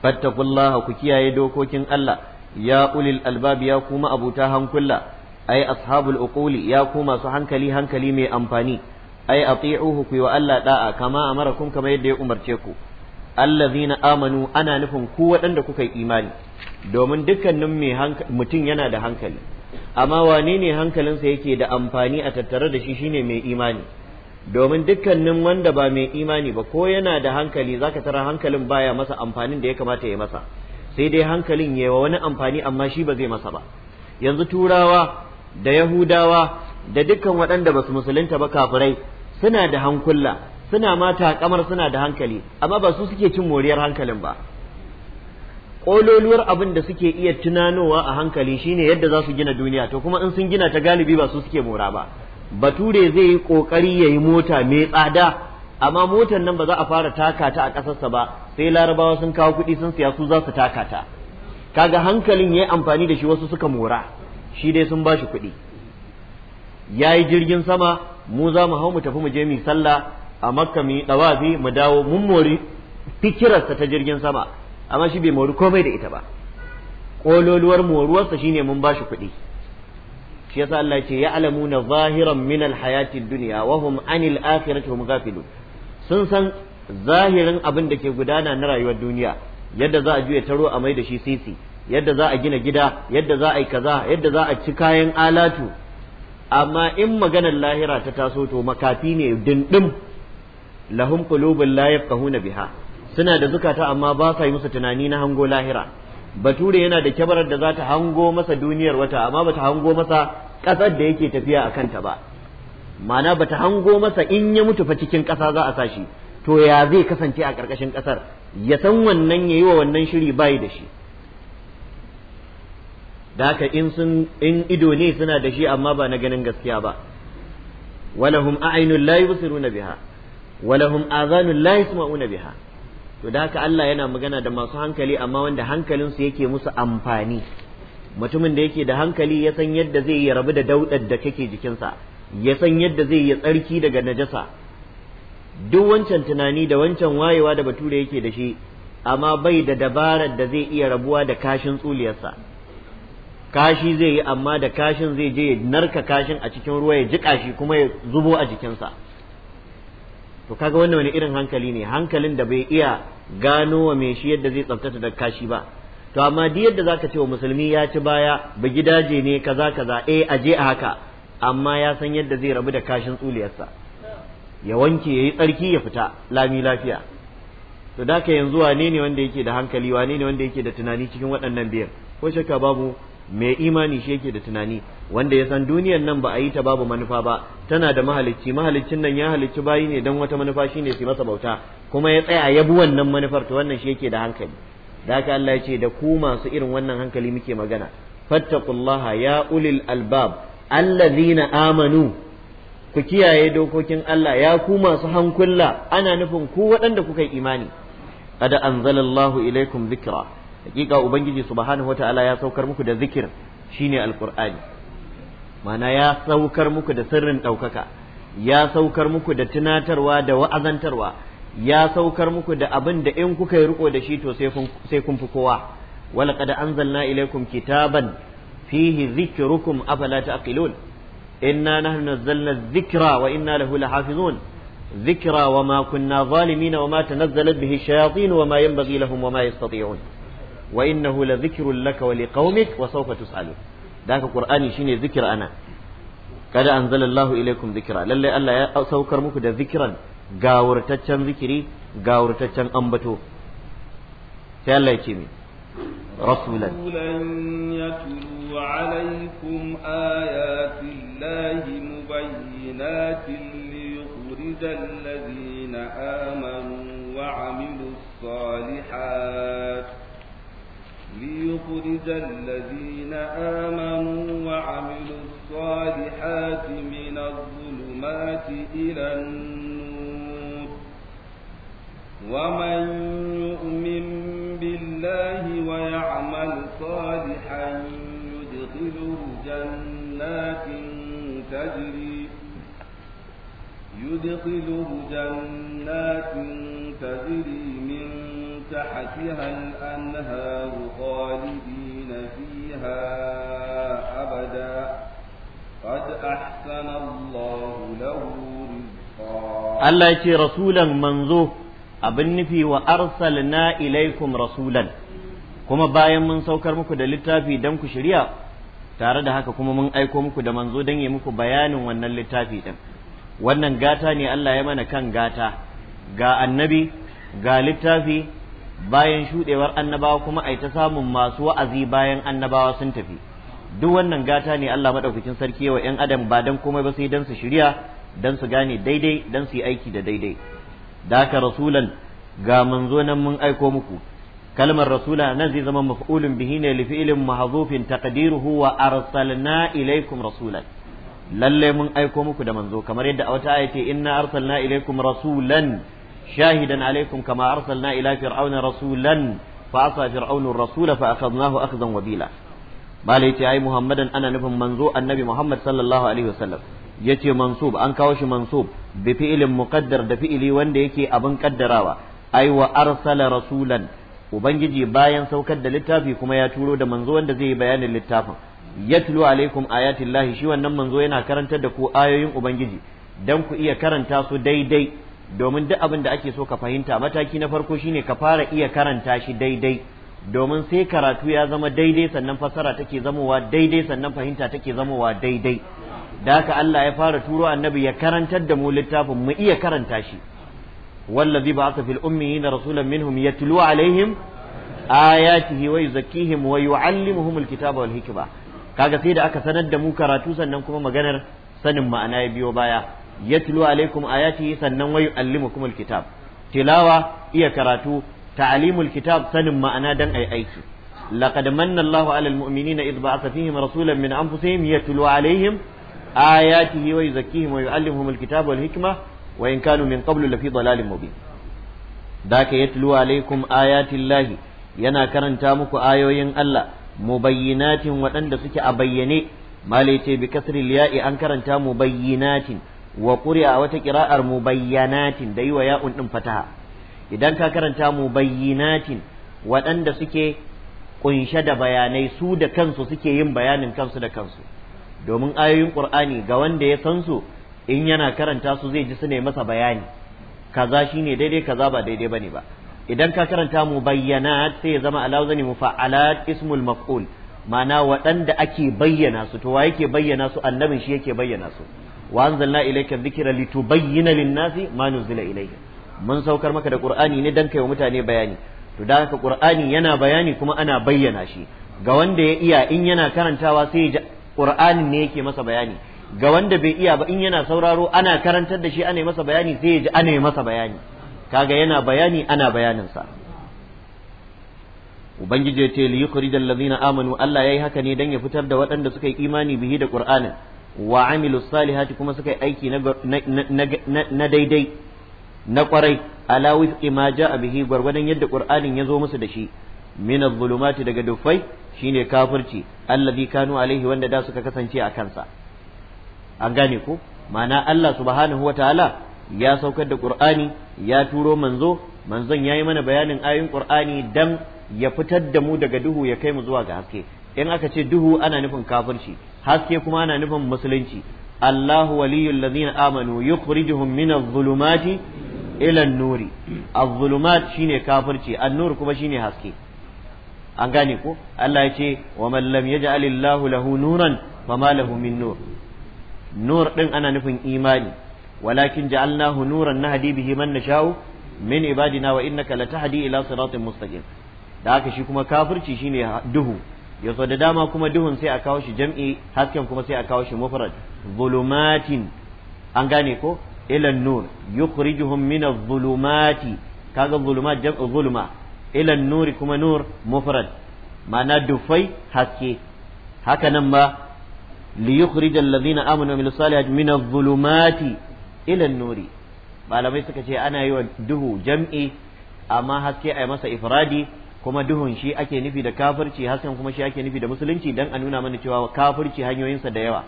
fattakullaha ku kiyaye dokokin Allah ya ulil albab ya kuma abuta hankula ai ashabul uquli ya ku masu hankali hankali mai amfani ai ati'uhu ku wa Allah da'a kama amarakum kamar yadda ya umarce ku allazina amanu ana nufin ku waɗanda kuka yi imani domin dukkanin mai mutum yana da hankali amma wane ne hankalinsa yake da amfani a tattare da shi shine mai imani domin dukkanin wanda ba mai imani ba ko yana da hankali zaka tara hankalin baya masa amfanin da ya kamata ya masa sai dai hankalin ya wa wani amfani amma shi ba zai masa ba yanzu turawa da yahudawa da dukkan waɗanda ba su musulunta ba kafirai suna da hankula suna mata kamar suna da hankali amma ba su suke cin moriyar hankalin ba ƙololuwar abin da suke iya tunanowa a hankali shine yadda za su gina duniya to kuma in sun gina ta galibi ba su suke mora ba bature zai yi ƙoƙari ya yi mota mai tsada amma motar nan ba za a fara taka ta a ƙasarsa ba sai larabawa sun kawo kuɗi sun siya su za su taka ta kaga hankalin ya yi amfani da shi wasu suka mora shi dai sun bashi kuɗi ya yi jirgin sama mu za mu hau mu tafi mu je mu sallah a makka mu yi ɗawafi mu dawo mun mori fikirarsa ta jirgin sama amma shi bai mori komai da ita ba ƙololuwar moruwarsa ne mun bashi kuɗi shi yasa Allah ce ya alamu na zahiran min alhayatid dunya wa hum anil akhirati hum ghafilun sun san zahirin abin da ke gudana na rayuwar duniya yadda za a juya taro a mai da shi sisi yadda za a gina gida yadda za a yi kaza yadda za a ci kayan alatu amma in maganar lahira ta taso to makafi ne dindim lahum qulubul la yafqahuna biha suna da zukata amma ba sa yi musu tunani na hango lahira bature yana da kyabarar da za ta hango masa duniyar wata amma bata hango masa kasar da yake tafiya a kanta ba ma'ana bata hango masa in ya mutu fa cikin kasa za a sashi to ya zai kasance a ƙarƙashin ƙasar ya san wannan ya wa wannan shiri bayi da shi da in sun in ido ne suna da shi amma ba na ganin gaskiya ba walahum a'ainul la yusiruna biha walahum azanul la yasma'una biha to da haka Allah yana magana da masu hankali amma wanda hankalin su yake musu amfani mutumin da yake da hankali ya san yadda zai yi rabu da daudar da kake jikinsa ya san yadda zai yi tsarki daga najasa duk wancan tunani da wancan wayewa da bature yake da shi amma bai da dabarar da zai iya rabuwa da kashin tsuliyarsa kashi zai yi amma da kashin zai je ya narka kashin a cikin ruwa ya jiƙa shi kuma ya zubo a jikinsa to kaga wannan wani irin hankali ne hankalin da bai iya gano wa mai shi yadda zai tsabtata da kashi ba to amma duk yadda zaka ce wa musulmi ya ci baya ba gidaje ne kaza kaza eh a je a haka amma ya san yadda zai rabu da kashin tsuliyarsa ya wanke yayi tsarki ya fita lami lafiya to da yanzu wane ne wanda yake da hankali wane ne wanda yake da tunani cikin waɗannan biyar ko shakka babu mai imani shi yake da tunani wanda ya san duniyar nan ba a yi ta babu manufa ba tana da mahalicci mahaliccin nan ya halicci bayi ne don wata manufa shi ne su masa bauta kuma ya tsaya ya bi wannan manufar to wannan shi yake da hankali da haka Allah ya ce da ku masu irin wannan hankali muke magana fattaqullaha ya ulil albab allazina amanu ku kiyaye dokokin Allah ya ku masu hankula ana nufin ku waɗanda kuka yi imani qad anzalallahu ilaikum dhikra hakika ubangiji subhanahu wataala ya saukar muku da zikir shine alqur'ani ma'ana ya saukar muku da sirrin ɗaukaka ya saukar muku da tunatarwa da wa'azantarwa ya saukar muku da abin da in kuka yi riko da shi to sai kun fi kowa walaqad anzalna ilaykum kitaban fihi dhikrukum afala taqilun inna nahnu nazzalna dhikra wa inna lahu lahafizun dhikra wa ma kunna zalimin wa ma tanazzalat bihi shayatin wa ma yanbaghi lahum wa ma yastati'un wa innahu la dhikrun laka wa liqaumik wa sawfa tusalu dan ka qur'ani shine zikir ana kada anzalallahu ilaikum dhikra lalle Allah ya saukar muku da zikiran gawurtaccen zikiri gawurtaccen ambato sai Allah ya ce mi rasulan yatlu alaikum ليخرج الذين آمنوا وعملوا الصالحات من الظلمات إلى النور ومن يؤمن بالله ويعمل صالحا يدخله جنات تجري يدخله جنات تجري تحتها الأنهار خالدين فيها أبدا قد أحسن الله له رزقا يتي رسولا منذ abin nufi wa arsalna ilaikum rasulan kuma bayan mun saukar muku da littafi don ku shirya tare da haka kuma mun aiko muku da manzo don yi muku bayanin wannan littafi wannan gata ne Allah ya mana kan gata ga annabi ga littafi bayan shuɗewar annabawa kuma a ta samun masu wa'azi bayan annabawa sun tafi duk wannan gata ne Allah maɗaukacin sarki wa 'yan adam ba dan komai ba sai dan su shirya dan su gane daidai dan su yi aiki da daidai da ka rasulan ga manzo nan mun aiko muku kalmar rasula nan zai zama maf'ulun bihi ne li fi'lin mahdhufin taqdiruhu wa arsalna ilaykum rasulan lalle mun aiko muku da manzo kamar yadda a wata aya ce inna arsalna ilaykum rasulan shahidan alaikum kama arsalna ila fir'auna rasulan fa asa fir'aunur rasula fa akhadnahu akhzan wabila malai ce ai muhammadan ana nufin manzo annabi muhammad sallallahu alaihi wasallam yace mansub an kawo shi mansub bi fi'ilin muqaddar da fi'ili wanda yake abin kaddarawa Aiwa wa arsala rasulan ubangiji bayan saukar da littafi kuma ya turo da manzo wanda zai yi bayanin littafin yatlu alaikum ayatillahi shi wannan manzo yana karantar da ku ayoyin ubangiji dan ku iya karanta su daidai domin duk abin da ake so ka fahimta mataki na farko shine ka fara iya karanta shi daidai domin sai karatu ya zama daidai sannan fassara take zamowa daidai sannan fahimta take zamowa daidai da haka Allah ya fara turo annabi ya karantar da mu littafin mu iya karanta shi wallazi ba'atha fil ummiyin rasulan minhum yatlu alaihim ayatihi wa yuzakkihim wa yu'allimuhum alkitaba wal hikma kaga sai da aka sanar da mu karatu sannan kuma maganar sanin ma'ana ya biyo baya yatlu alaikum ayatihi sannan wa yuallimukum alkitab tilawa iya karatu ta'limul kitab sanin ma'ana dan ai aiki laqad manna Allahu 'alal mu'minina idh ba'atha fihim rasulan min anfusihim yatlu alaihim ayatihi wa yuzakkihim wa yuallimuhum alkitab wal hikma wa in kanu min qablu lafi dalalin mubin daka yatlu alaikum ayatillahi yana karanta muku ayoyin Allah mubayyinatin waɗanda suke a bayyane malai ce bi kasri ya'i an karanta mubayyinatin wa ƙuri'a wata qira'ar mubayyanatin da yi wa ya'un ɗin fataha idan ka karanta mubayyinatin waɗanda suke kunshe da bayanai su da kansu suke yin bayanin kansu da kansu domin ayoyin qur'ani ga wanda ya san su in yana karanta su zai ji su ne masa bayani kaza shine daidai kaza ba daidai bane ba idan ka karanta mubayyanat sai ya zama alawzani mufa'alat ismul maf'ul ma'ana waɗanda ake bayyana su to wa yake bayyana su annabin shi yake bayyana su wa anzalna الذكر لتبين للناس ما نزل ma من سوكر mun saukar maka da qur'ani ne dan kai wa mutane bayani to da yana bayani kuma ana bayyana shi ga wanda ya iya in yana karantawa sai ya qur'anin ne yake masa bayani ga wanda bai iya ba in yana sauraro ana karantar da shi ana masa bayani sai ya ji ana masa bayani kaga yana bayani ana bayanin sa ubangiji ya ce li yukhrijal ladina amanu Allah yayi haka ne dan ya fitar da waɗanda suka yi imani bihi da qur'anin wa amilu salihati kuma suka yi aiki na daidai na kwarai ala wifqi ma ja'a bihi gwargwadon yadda qur'anin ya zo musu da shi min adh-dhulumati daga dufai shine kafirci allazi kanu alaihi wanda da suka kasance a kansa an gane ko ma'ana Allah subhanahu wataala ya saukar da qur'ani ya turo manzo manzon ya yi mana bayanin ayoyin qur'ani dan ya fitar da mu daga duhu ya kai mu zuwa ga haske in aka ce duhu ana nufin kafirci haske kuma ana nufin musulunci Allahu waliyul ladina amanu yukhrijuhum min adh-dhulumati ila an-nuri adh-dhulumat shine kafirci an-nur kuma shine haske an gane ko Allah ya ce wa man lam yaj'al Allahu lahu nuran fama lahu min nur nur din ana nufin imani walakin ja'alnahu nuran nahdi bihi man nasha'u min ibadina wa innaka latahdi ila siratin mustaqim da haka shi kuma kafirci shine duhu ya so da dama kuma duhun sai a kawo shi jam'i hasken kuma sai a kawo shi mufrad zulumatin an gane ko ila nur yukhrijuhum min adh-dhulumati kaga zulumat jam'i zuluma ila nuri kuma nur mufrad ma'ana dufai haske haka nan ba li yukhrijal ladina amanu min salihati min adh-dhulumati ila nuri malamai suka ce ana yi wa duhu jam'i amma haske a masa ifradi kuma duhun shi ake nufi da kafirci hasken kuma shi ake nufi da musulunci dan a nuna mana cewa kafirci hanyoyinsa da yawa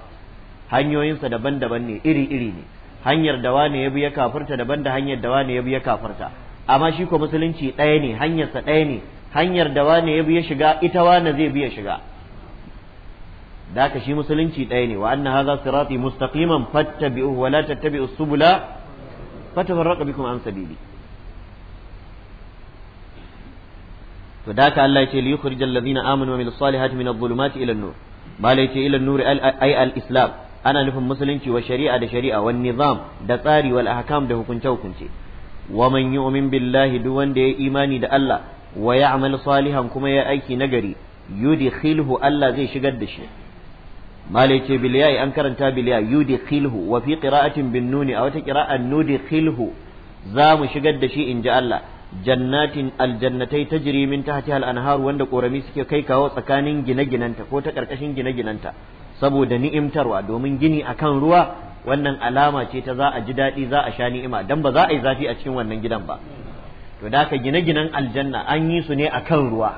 hanyoyinsa daban-daban ne iri-iri ne hanyar da wane ya bi ya kafirta daban da hanyar da wane ya bi ya kafirta amma shi ko musulunci ɗaya ne hanyarsa ɗaya ne hanyar da wane ya bi ya shiga ita wane zai bi ya shiga da ka shi musulunci ɗaya ne wa anna hadha sirati mustaqiman fattabi'u wa la tattabi'us subula fatafarraqu bikum an sabili to da ka Allah ya ce li yukhrijal ladina amanu wa amilus salihati min adh-dhulumati ila an-nur malai ce ila an-nur ay al-islam ana nufin musulunci wa shari'a da shari'a wan nizam da tsari wal ahkam da hukunce hukunce wa man yu'min billahi duk wanda ya imani da Allah wa ya'mal salihan kuma ya aiki nagari yudkhilhu Allah zai shigar da shi malai ce biliyai an karanta biliya yudkhilhu wa fi qira'atin bin nuni a wata qira'an nudkhilhu za mu shigar da shi in ji Allah jannatin aljannatai tajri min tahtiha al-anhar wanda korami suke kai kawo tsakanin gine-ginanta ko ta karkashin gine-ginanta saboda ni'imtarwa domin gini akan ruwa wannan alama ce ta za a ji daɗi za a sha ni'ima dan ba za a yi zafi a cikin wannan gidan ba to da ka gine-ginen aljanna an yi su ne akan ruwa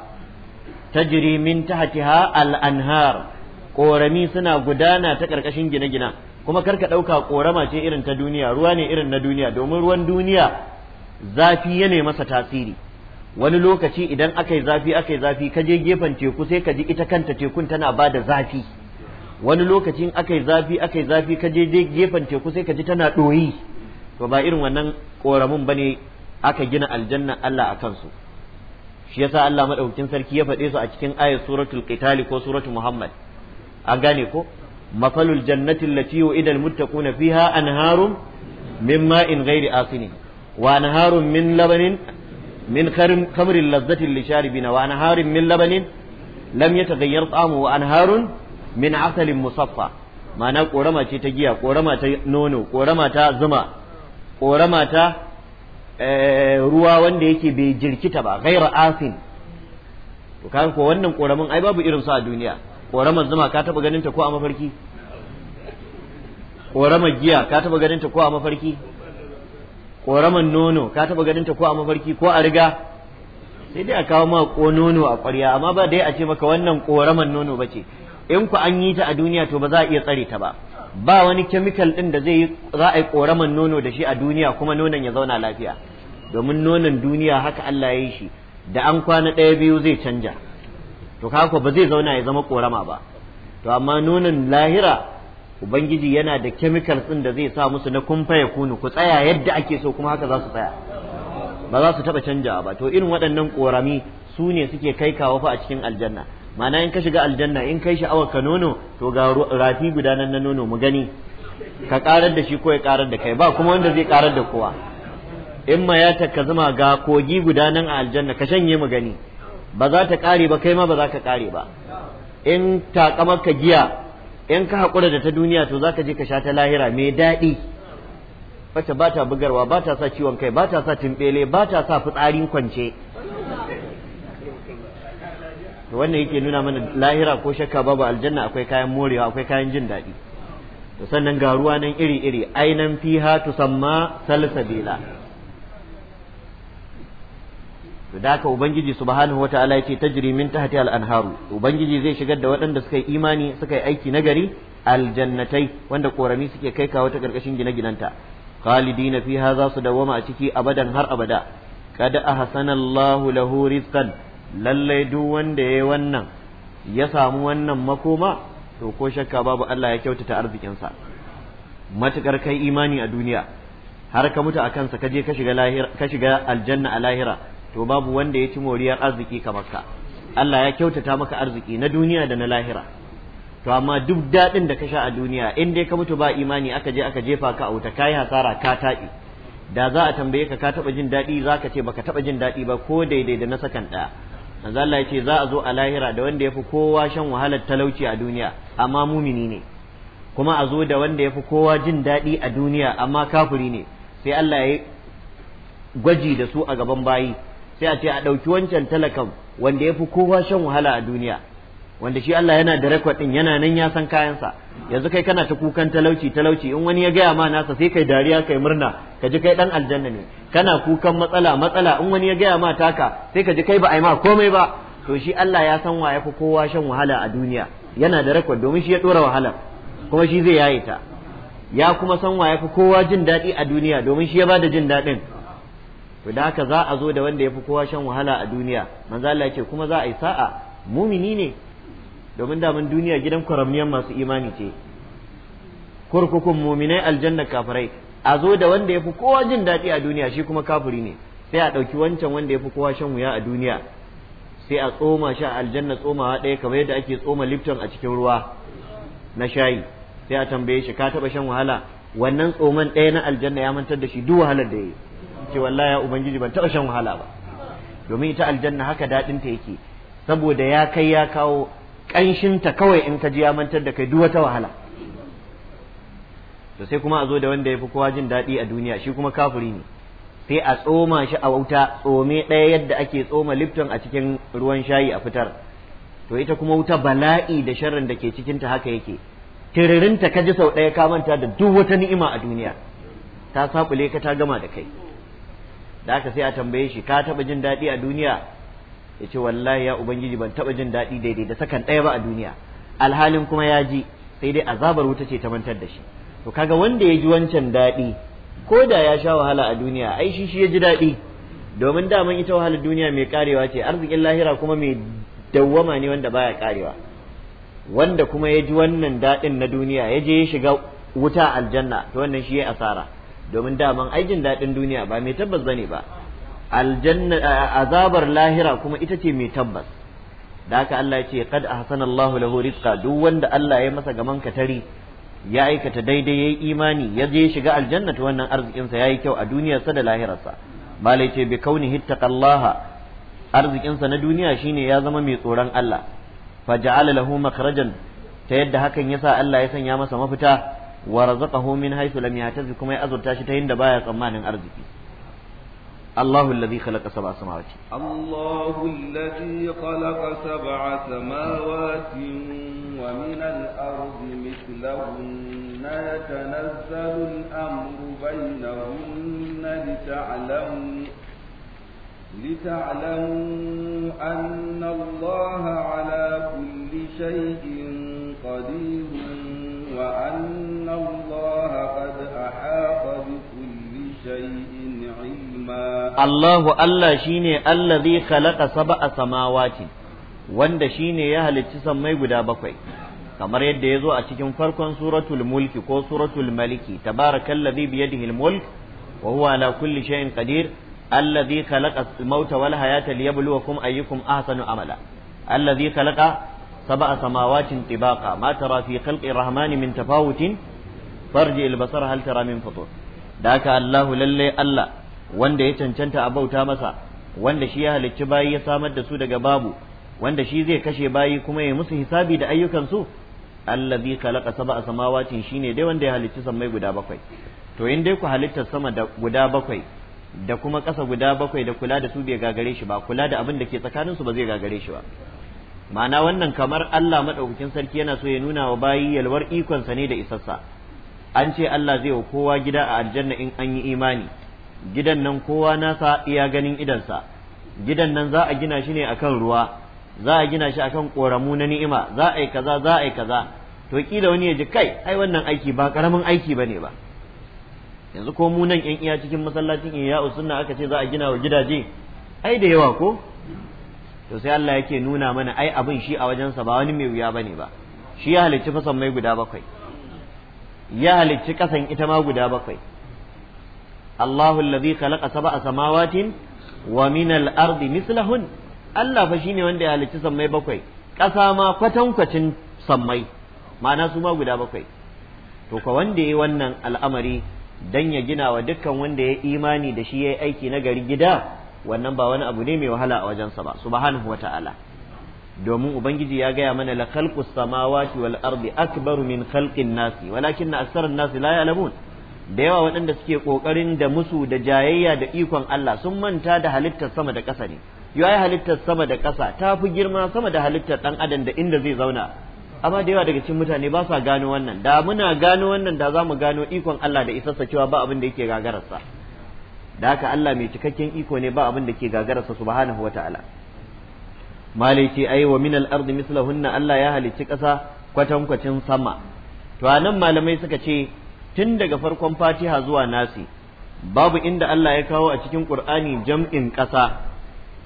tajri min tahtiha al-anhar korami suna gudana ta karkashin gine-ginen kuma karka ɗauka korama ce irin ta duniya ruwa ne irin na duniya domin ruwan duniya zafi ya ne masa tasiri wani lokaci idan aka yi zafi aka yi zafi ka je gefen teku sai ka ji ita kanta tekun tana ba da zafi wani lokacin aka yi zafi aka yi zafi ka je gefen teku sai ka ji tana ɗoyi to ba irin wannan ƙoramin ba ne aka gina aljanna Allah a kansu shi yasa Allah maɗaukin sarki ya faɗe su a cikin ayat suratul qital ko suratul muhammad an gane ko mafalul jannati allati yu'idal muttaquna fiha anharum min in ghairi asinin wa naharun min labanin min khamrin lazzatin lisharibina wa naharun min labanin lam yataghayyar ta'amu wa anharun min asalin musaffa mana korama ce ta giya korama ta nono korama ta zuma korama ta ruwa wanda yake bai jirkita ba ghaira asin to ko wannan koramin ai babu irin su a duniya koramar zuma ka taba ganin ta ko a mafarki koramar giya ka taba ganin ta ko a mafarki ƙoraman nono ka taɓa ganin ta ko a mafarki ko a riga sai dai a kawo ma ko nono a ƙwarya amma ba dai a ce maka wannan ƙoraman nono ba ce in ku an yi ta a duniya to ba za a iya tsare ta ba ba wani kemikal ɗin da zai yi za a yi ƙoraman nono da shi a duniya kuma nonon ya zauna lafiya domin nonon duniya haka Allah ya yi shi da an kwana ɗaya biyu zai canja to haka ba zai zauna ya zama ƙorama ba to amma nonon lahira ubangiji yana da chemicals ɗin da zai sa musu na kumfa ya kunu ku tsaya yadda ake so kuma haka za su tsaya ba za su taɓa canza ba to irin waɗannan korami su ne suke kai kawo fa a cikin aljanna ma'ana in ka shiga aljanna in kai shi awa ka nono to ga rafi gudanar na nono mu gani ka karar da shi ko ya karar da kai ba kuma wanda zai karar da kowa in ma ya ka zama ga kogi gudanar a aljanna ka shanye mu gani ba za ta kare ba kai ma ba za ka kare ba in takamar ka giya in ka haƙura da ta duniya to zaka je ka sha ta lahira mai daɗi wacce ba ta bugarwa ba ta sa ciwon kai ba ta sa timbele ba ta sa fitsarin kwance da wannan yake nuna mana lahira ko shakka babu aljanna akwai kayan morewa akwai kayan jin daɗi to sannan garuwa nan iri iri ainan fiha tusamma bela. to haka ubangiji subhanahu wataala ce tajri min tahti al'anharu ubangiji zai shigar da waɗanda suka yi imani suka yi aiki nagari aljannatai wanda korami suke kai kawo ta karkashin gine-ginanta khalidina fiha za su dawama a ciki abadan har abada kada ahsana Allahu lahu rizqan lalle duk wanda yi wannan ya samu wannan makoma to ko shakka babu Allah ya kyautata arzikinsa matukar kai imani a duniya har ka mutu a kansa ka je ka shiga aljanna a lahira to babu wanda ya ci moriyar arziki kamar ka Allah ya kyautata maka arziki na duniya da na lahira to amma duk daɗin da ka sha a duniya in dai ka mutu ba imani aka je aka jefa ka a wuta kayi hasara ka taɓi da za a tambaye ka ka taɓa jin daɗi za ka ce baka taɓa jin daɗi ba ko daidai da na sakan ɗaya manzo Allah ya ce za a zo a lahira da wanda ya fi kowa shan wahalar talauci a duniya amma mumini ne kuma a zo da wanda ya fi kowa jin daɗi a duniya amma kafuri ne sai Allah ya gwaji da su a gaban bayi sai a ce a ɗauki wancan talakan wanda ya fi kowa shan wahala a duniya wanda shi Allah yana da rekwad ɗin yana nan ya san kayansa yanzu kai kana ta kukan talauci talauci in wani ya gaya ma nasa sai kai dariya kai murna ka ji kai ɗan aljanna ne kana kukan matsala matsala in wani ya gaya ma taka sai ka ji kai ba a yi ma komai ba to shi Allah ya san wa ya fi kowa shan wahala a duniya yana da rekwad domin shi ya ɗora wahala kuma shi zai yaye ta ya kuma san wa ya fi kowa jin daɗi a duniya domin shi ya ba da jin daɗin to da za a zo da wanda ya fi kowa shan wahala a duniya manzo Allah yake kuma za a yi sa'a mumini ne domin daman duniya gidan kwaramniyan masu imani ce kurkukun muminai aljanna kafirai a zo da wanda ya fi kowa jin daɗi a duniya shi kuma kafiri ne sai a ɗauki wancan wanda ya fi kowa shan wuya a duniya sai a tsoma shi a aljanna tsomawa ɗaya kamar yadda ake tsoma lifton a cikin ruwa na shayi sai a tambaye shi ka taɓa shan wahala wannan tsoman ɗaya na aljanna ya mantar da shi duk wahalar da ya ce wallahi ya ubangiji ban taɓa shan wahala ba domin ita aljanna haka daɗin ta yake saboda ya kai ya kawo kanshin ta kawai in ka ji ya mantar da kai duk wata wahala to sai kuma a zo da wanda ya fi kowa jin daɗi a duniya shi kuma kafuri ne sai a tsoma shi a wauta tsome ɗaya yadda ake tsoma lifton a cikin ruwan shayi a fitar to ita kuma wuta bala'i da sharrin da ke cikin ta haka yake tiririnta ka ji sau ɗaya ka manta da duk wata ni'ima a duniya ta saɓule ka ta gama da kai da aka sai a tambaye shi ka taba jin daɗi a duniya ya ce wallahi ya ubangiji ban taba jin daɗi daidai da sakan ɗaya ba a duniya alhalin kuma ya ji sai dai azabar wuta ce ta mantar da shi to kaga wanda ya ji wancan daɗi ko da ya sha wahala a duniya ai shi shi ya ji daɗi domin daman ita wahalar duniya mai karewa ce arzikin lahira kuma mai dawwama ne wanda baya karewa wanda kuma ya ji wannan daɗin na duniya ya je ya shiga wuta aljanna to wannan shi ya asara domin daman aijin daɗin duniya ba mai tabbas bane ba azabar lahira kuma ita ce mai tabbas da haka Allah ya ce qad ahsana Allahu lahu rizqa duk wanda Allah ya masa gaman katari ya aikata daidai yayi imani ya je shiga aljanna to wannan arzikin sa yayi kyau a sa da lahirarsa malai ce bi kaunihi taqallaha arzikin sa na duniya shine ya zama mai tsoron Allah fa ja'ala lahu makhrajan ta yadda hakan yasa Allah ya sanya masa mafita wa razaqahu min haythu lam yahtasib kuma ya azurta shi ta yinda baya tsammanin arziki Allahu alladhi khalaqa sab'a samawati Allahu alladhi khalaqa sab'a samawati wa min al-ardi mithlahunna yatanazzalu al-amru لتعلموا أن الله على كل شيء قدير Allahu Allah shine allazi khalaqa sab'a samawati wanda shi ne ya halicci sammai guda bakwai kamar yadda ya zo a cikin farkon suratul mulki ko suratul maliki tabarakallazi biyadihi almulk wa huwa ala kulli shay'in qadir allazi khalaqa al-mauta wal hayata liyabluwakum ayyukum ahsanu amala allazi khalaqa sab'a samawatin tibaqa ma tara fi khalqi rahmani min tafawutin farji al hal tara min futur da Allahu lalle Allah wanda ya cancanta a bauta masa wanda shi ya halicci bayi ya samar da su daga babu wanda shi zai kashe bayi kuma ya musu hisabi da ayyukansu allazi khalaqa sab'a samawati shine dai wanda ya halicci sammai guda bakwai to in dai ku halitta sama da guda bakwai da kuma kasa guda bakwai da kula da su bai gagare shi ba kula da abin da ke tsakanin su ba zai gagare shi ba ma'ana wannan kamar Allah madaukakin sarki yana so ya nuna wa bayi yalwar ikonsa ne da isassa an ce Allah zai wa kowa gida a aljanna in an yi imani gidan nan kowa nasa iya ganin idansa gidan nan za a gina shi ne akan ruwa za a gina shi akan koramu na ni'ima za a yi kaza za a yi kaza to kila wani ya ji kai ai wannan aiki ba karamin aiki bane ba yanzu ko mu nan yan iya cikin masallacin iya usunna aka ce za a gina wa gidaje ai da yawa ko to sai Allah yake nuna mana ai abin shi a wajen sa ba wani mai wuya bane ba shi ya halicci fasan mai guda bakwai ya halicci kasan ita ma guda bakwai Allahu allazi khalaqa sab'a samawatin wa min al mislahun Allah fa shi ne wanda ya halicci sammai bakwai Kasa ma kwatankwacin sammai ma'ana su guda bakwai to ka wanda yayi wannan al'amari dan ya gina wa dukkan wanda ya yi imani da shi yayi aiki na gari gida wannan ba wani abu ne mai wahala a wajensa ba subhanahu wata'ala domin ubangiji ya gaya mana la khalqus samawati wal ardi akbaru min khalqin nasi walakinna aktharun nasi la ya'lamun da yawa waɗanda suke ƙoƙarin da musu da jayayya da ikon Allah sun manta da halittar sama da ƙasa ne yau ai halittar sama da ƙasa ta fi girma sama da halittar ɗan adam da inda zai zauna amma da yawa daga cikin mutane ba sa gano wannan da muna gano wannan da za mu gano ikon Allah da isarsa cewa ba abin da yake gagararsa da haka Allah mai cikakken iko ne ba abin da ke gagararsa subhanahu wataala malai ce ai wa min al-ard Allah ya halicci ƙasa kwatankwacin sama to anan malamai suka ce tun daga farkon fatiha zuwa nasi babu inda Allah ya kawo a cikin Qur'ani jam'in ƙasa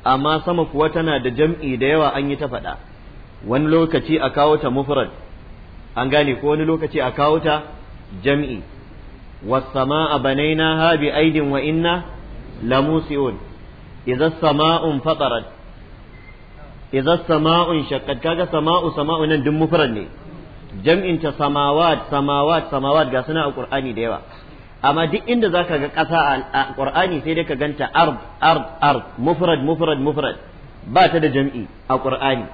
amma sama kuwa tana da jam'i da yawa an yi ta faɗa wani lokaci a kawo ta mufrad an gane ko wani lokaci a kawo ta jam'i wasama'a banaina ha bi aidin wa inna lamusiun idza sama'un fatarat idza sama'un shaqqat kaga sama'u sama'u nan duk mufrad ne jam'inta ta samawat samawat samawat ga suna a qur'ani da yawa amma duk inda zaka ga ƙasa a qur'ani sai dai ka ganta ard ard ard mufrad mufrad mufrad ba ta da jam'i a qur'ani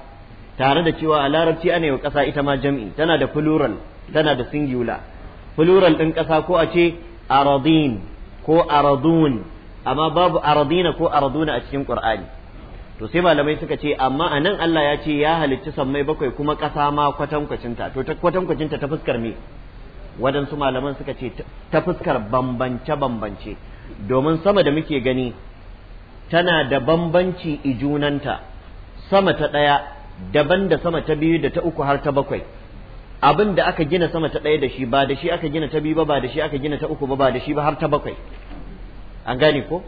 tare da cewa a larabci ana yi ƙasa ita ma jam'i tana da plural tana da singular plural ɗin ƙasa ko a ce aradin ko aradun amma babu aradina ko araduna a cikin qur'ani to sai malamai suka ce amma a nan Allah ya ce ya halicci sammai bakwai kuma ƙasa ma kwatankwacinta to ta kwatankwacinta ta fuskar me waɗansu malaman suka ce ta fuskar bambance bambance domin sama da muke gani tana da bambanci ijunanta sama ta ɗaya daban da sama ta biyu da ta uku har ta bakwai abin da aka gina sama ta ɗaya da shi ba da shi aka gina ta biyu ba ba da shi aka gina ta uku ba ba da shi ba har ta bakwai an gane ko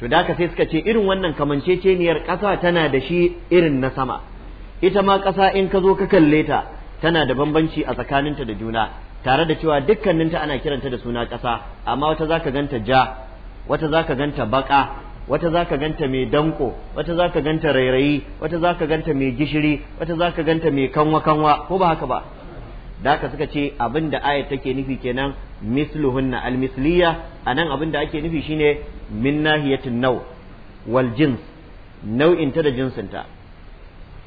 to da sai suka ce irin wannan kamanceceniyar ƙasa tana da shi irin na sama ita ma ƙasa in ka zo ka kalle ta tana da bambanci a tsakaninta da juna tare da cewa dukkaninta ana kiranta da suna ƙasa amma wata za ka ganta ja wata za ka ganta baƙa wata za ka ganta mai danko wata za ka ganta rairayi wata za ka ganta mai gishiri wata za ka ganta mai kanwa kanwa ko ba haka ba da ka suka ce abin da ayat take nufi kenan misluhunna almisliya anan abin da ake nufi shine min nahiyatin nau wal jins nau'in ta da jinsinta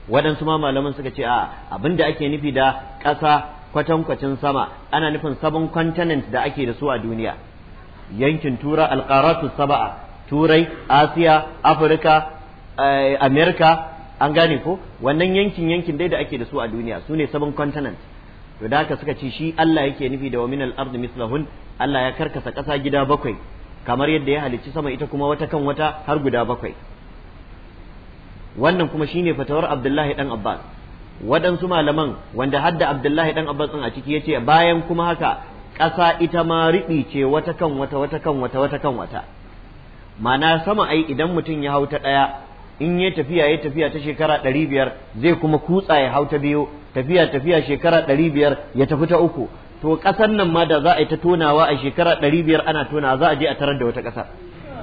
waɗansu ma malaman suka ce a abin da ake nufi da ƙasa kwatankwacin sama ana nufin sabon continent da ake da su a duniya yankin tura alƙaratu saba'a turai asiya afirka eh, amerika an gane ko wannan yankin yankin dai da ake da su a duniya su ne sabon continent to da haka suka ci shi Allah yake nufi da wamin al-ard mislahun Allah ya karkasa ƙasa gida bakwai kamar yadda ya halicci sama ita kuma wata kan wata har guda bakwai wannan kuma shine fatawar Abdullahi dan Abbas waɗansu malaman wanda hadda Abdullahi dan Abbas din a ciki yace bayan kuma haka ƙasa ita ma riɓi ce wata kan wata wata kan wata wata kan wata ma'ana sama ai idan mutum ya hauta ta ɗaya in ya tafiya ya tafiya ta shekara ɗari biyar zai kuma kutsa ya hauta ta biyu tafiya tafiya shekara ɗari biyar ya tafi ta uku to ƙasar nan ma da za a yi ta tonawa a shekara ɗari biyar ana tonawa za a je a tarar da wata ƙasa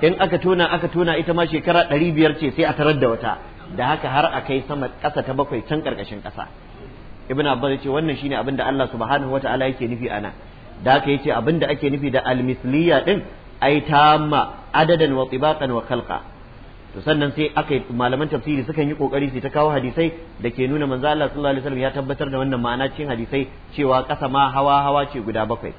in aka tona aka tona ita ma shekara ɗari biyar ce sai a tarar da wata da haka har a kai sama ƙasa ta bakwai can ƙarƙashin ƙasa ibn abbas ya ce wannan shine abin da Allah subhanahu wataala yake nufi ana da haka yace abin da ake nufi da almisliya din ai tamma adadan wa tibaqan wa khalqa to sannan sai aka malaman tafsiri sukan yi kokari su ta kawo hadisai da ke nuna manzo Allah sallallahu alaihi wasallam ya tabbatar da wannan ma'ana cikin hadisai cewa kasa ma hawa hawa ce guda bakwai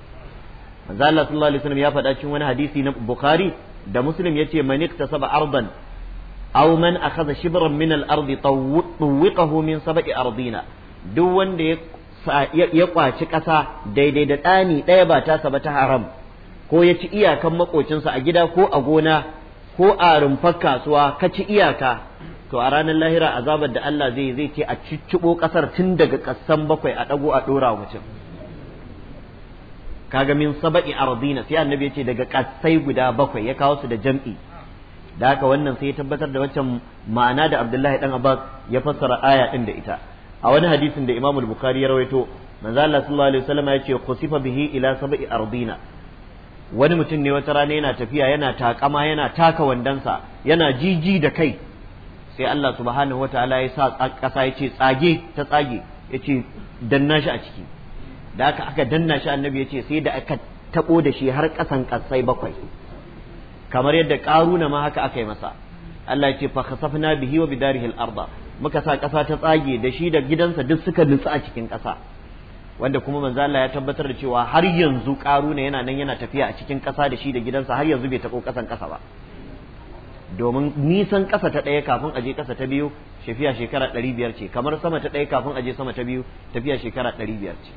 manzo Allah sallallahu alaihi wasallam ya faɗa cikin wani hadisi na Bukhari da Muslim yace man iktasaba ardan aw man akhadha shibran min al-ardi tawwiqahu min sab'i ardina duk wanda ya ya kwaci ƙasa daidai da ɗani ɗaya ba tasa ba ta haram ko ya ci iyakan makocinsa a gida ko a gona ko a rumfar kasuwa ka ci iyaka to a ranar lahira azabar da Allah zai zai ce a ciccibo kasar tun daga kasan bakwai a ɗago a dora mutum kaga min saba'i ardina sai annabi ya ce daga kasai guda bakwai ya kawo su da jam'i da haka wannan sai ya tabbatar da waccan ma'ana da Abdullahi dan Abbas ya fassara aya din da ita a wani hadisin da Imam Bukhari ya rawaito manzo Allah sallallahu alaihi wasallam ya ce khusifa bihi ila saba'i ardina wani mutum ne wata rana yana tafiya yana takama yana taka wandansa yana jiji da kai sai Allah subhanahu wataala ya sa ƙasa ya ce tsage ta tsage ya ce danna shi a ciki da aka aka danna shi annabi ya ce sai da aka taɓo da shi har ƙasan ƙasai bakwai kamar yadda ƙaruna ma haka aka yi masa Allah ya ce fa khasafna bihi wa bidarihi al-arda muka sa ƙasa ta tsage da shi da gidansa duk suka nutsu a cikin ƙasa wanda kuma manzo Allah ya tabbatar da cewa har yanzu karuna yana nan yana tafiya a cikin kasa da shi da gidansa har yanzu bai taɓo ƙasan ƙasa ba domin nisan ƙasa ta ɗaya kafin aje ƙasa ta biyu tafiya shekara ɗari biyar ce kamar sama ta ɗaya kafin aje sama ta biyu tafiya shekara ɗari biyar ce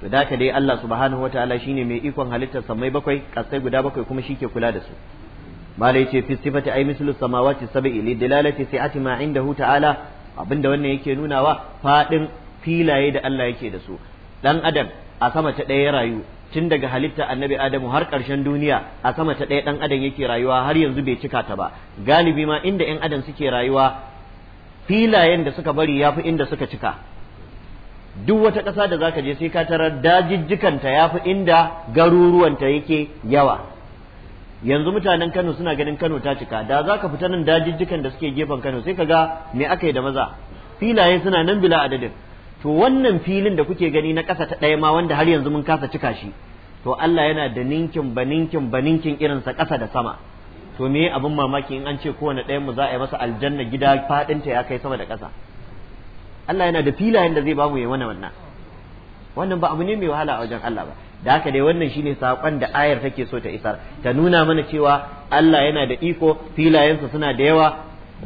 to da ka dai Allah subhanahu wataala shine mai ikon halittar samai bakwai ƙasai guda bakwai kuma shi ke kula da su malai ce fi sifati ay mislu samawati sab'i li dilalati si'ati ma indahu ta'ala abinda wannan yake nunawa fadin filaye da Allah yake da su dan adam a sama ta ɗaya rayu tun daga halitta annabi adamu har karshen duniya a sama ta ɗaya ɗan adam yake rayuwa har yanzu bai cika ta ba galibi ma inda ɗan adam suke rayuwa filayen da suka bari yafi inda suka cika duk wata ƙasa da zaka je sai ka tarar dajijjikanta yafi inda garuruwanta yake yawa yanzu mutanen Kano suna ganin Kano ta cika da za ka fita nan dajijjikan da suke gefen Kano sai ka ga me aka yi da maza filaye suna nan bila adadin to wannan filin da kuke gani na ƙasa ta ɗaya ma wanda har yanzu mun kasa cika shi to Allah yana da ninkin baninkin baninkin sa ƙasa da sama to me abin mamaki in an ce kowane ɗayan mu za a yi masa aljanna gida faɗinta ya kai sama da ƙasa Allah yana da filayen da zai ba ya wani wannan wannan ba abu ne mai wahala a wajen Allah ba da haka dai wannan shine sakon da ayar take so ta isar ta nuna mana cewa Allah yana da iko filayensa suna da yawa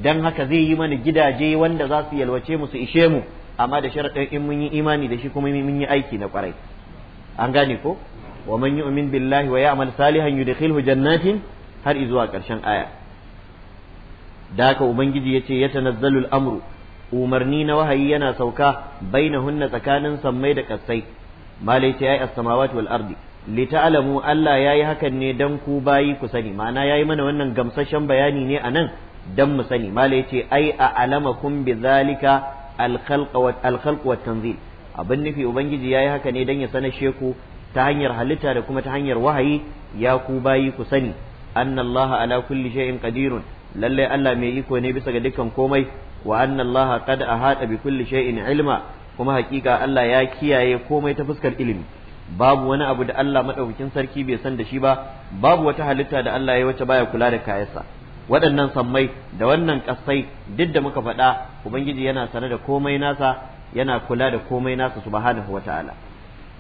dan haka zai yi mana gidaje wanda za su yalwace mu su ishe mu amma da sharaɗin in mun yi imani da shi kuma mun yi aiki na kwarai an gane ko wa man yu'min billahi wa ya'mal salihan yudkhilhu jannatin har zuwa ƙarshen aya da haka ubangiji yace yatanazzalu al-amru umarni na wahayi yana sauka bainahunna tsakanin sammai da kassai malai ce ai as-samawati wal ardi lita'lamu Allah yayi hakan ne dan ku bayi ku sani ma'ana yayi mana wannan gamsashen bayani ne anan dan mu sani malai ce ai a alamakum zalika. alkhalq wa tanzil abin nufi ubangiji yayi haka ne dan ya sanashe ku ta hanyar halitta da kuma ta hanyar wahayi ya ku bayi ku sani anna Allah ala kulli shay'in qadirun lalle Allah mai iko ne bisa ga dukkan komai wa anna Allah qad ahata bi kulli shay'in ilma kuma hakika Allah ya kiyaye komai ta fuskar ilimi babu wani abu da Allah madaukakin sarki bai san da shi ba babu wata halitta da Allah ya wace baya kula da kayansa waɗannan sammai da wannan ƙasai duk da muka faɗa ubangiji yana sane da komai nasa yana kula da komai nasa subhanahu wa ta'ala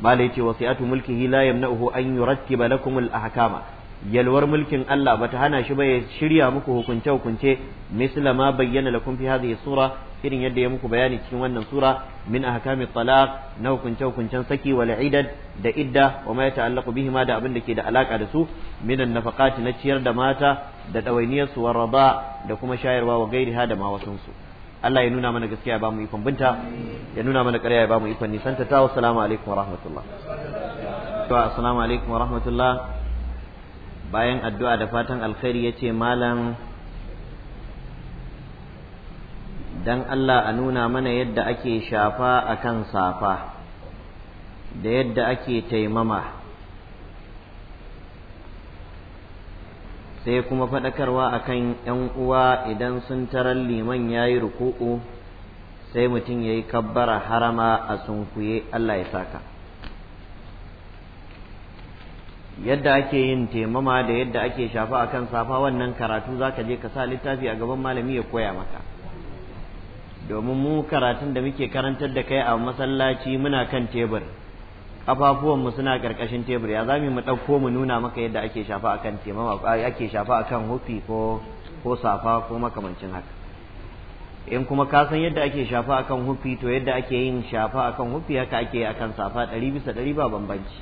malai ce wasi'atu mulkihi la yamna'uhu an yurattiba lakum al-ahkama yalwar mulkin Allah bata hana shi ba ya shirya muku hukunce hukunce misla ma bayyana lakum fi hadhihi sura irin yadda ya muku bayani cikin wannan sura min ahkamit talaq na hukunce hukuncen saki wal idad da idda wa ma yata'allaqu ma da abin da ke da alaka da su minan nafaqati na ciyar da mata da dawainiyar su waraba da kuma shayarwa wa gairiha da ma wasun su Allah ya nuna mana gaskiya ya ba mu ikon binta ya nuna mana ƙarya ya ba mu ikon nisanta ta assalamu alaikum wa rahmatullah to assalamu alaikum wa rahmatullah bayan addu'a da fatan alkhairi yace malam dan Allah a nuna mana yadda ake shafa kan safa da yadda ake taimama sai kuma faɗakarwa akan ‘yan uwa idan sun tarar liman ya yi ruku'u sai mutum ya yi kabbara harama a sunkuye Allah ya saka yadda ake yin taimama da yadda ake shafa akan safa wannan karatu za ka je ka sa littafi a gaban malami ya koya maka domin mu karatun da muke karantar da kai a masallaci muna kan tebur kafafuwanmu suna karkashin tebur ya za mu ɗauko mu nuna maka yadda ake shafa akan temama ake shafa akan hufi ko safa ko makamancin haka in kuma ka san yadda ake shafa akan hufi to yadda ake yin shafa akan hufi haka ake yi akan safa ɗari bisa ɗari ba bambanci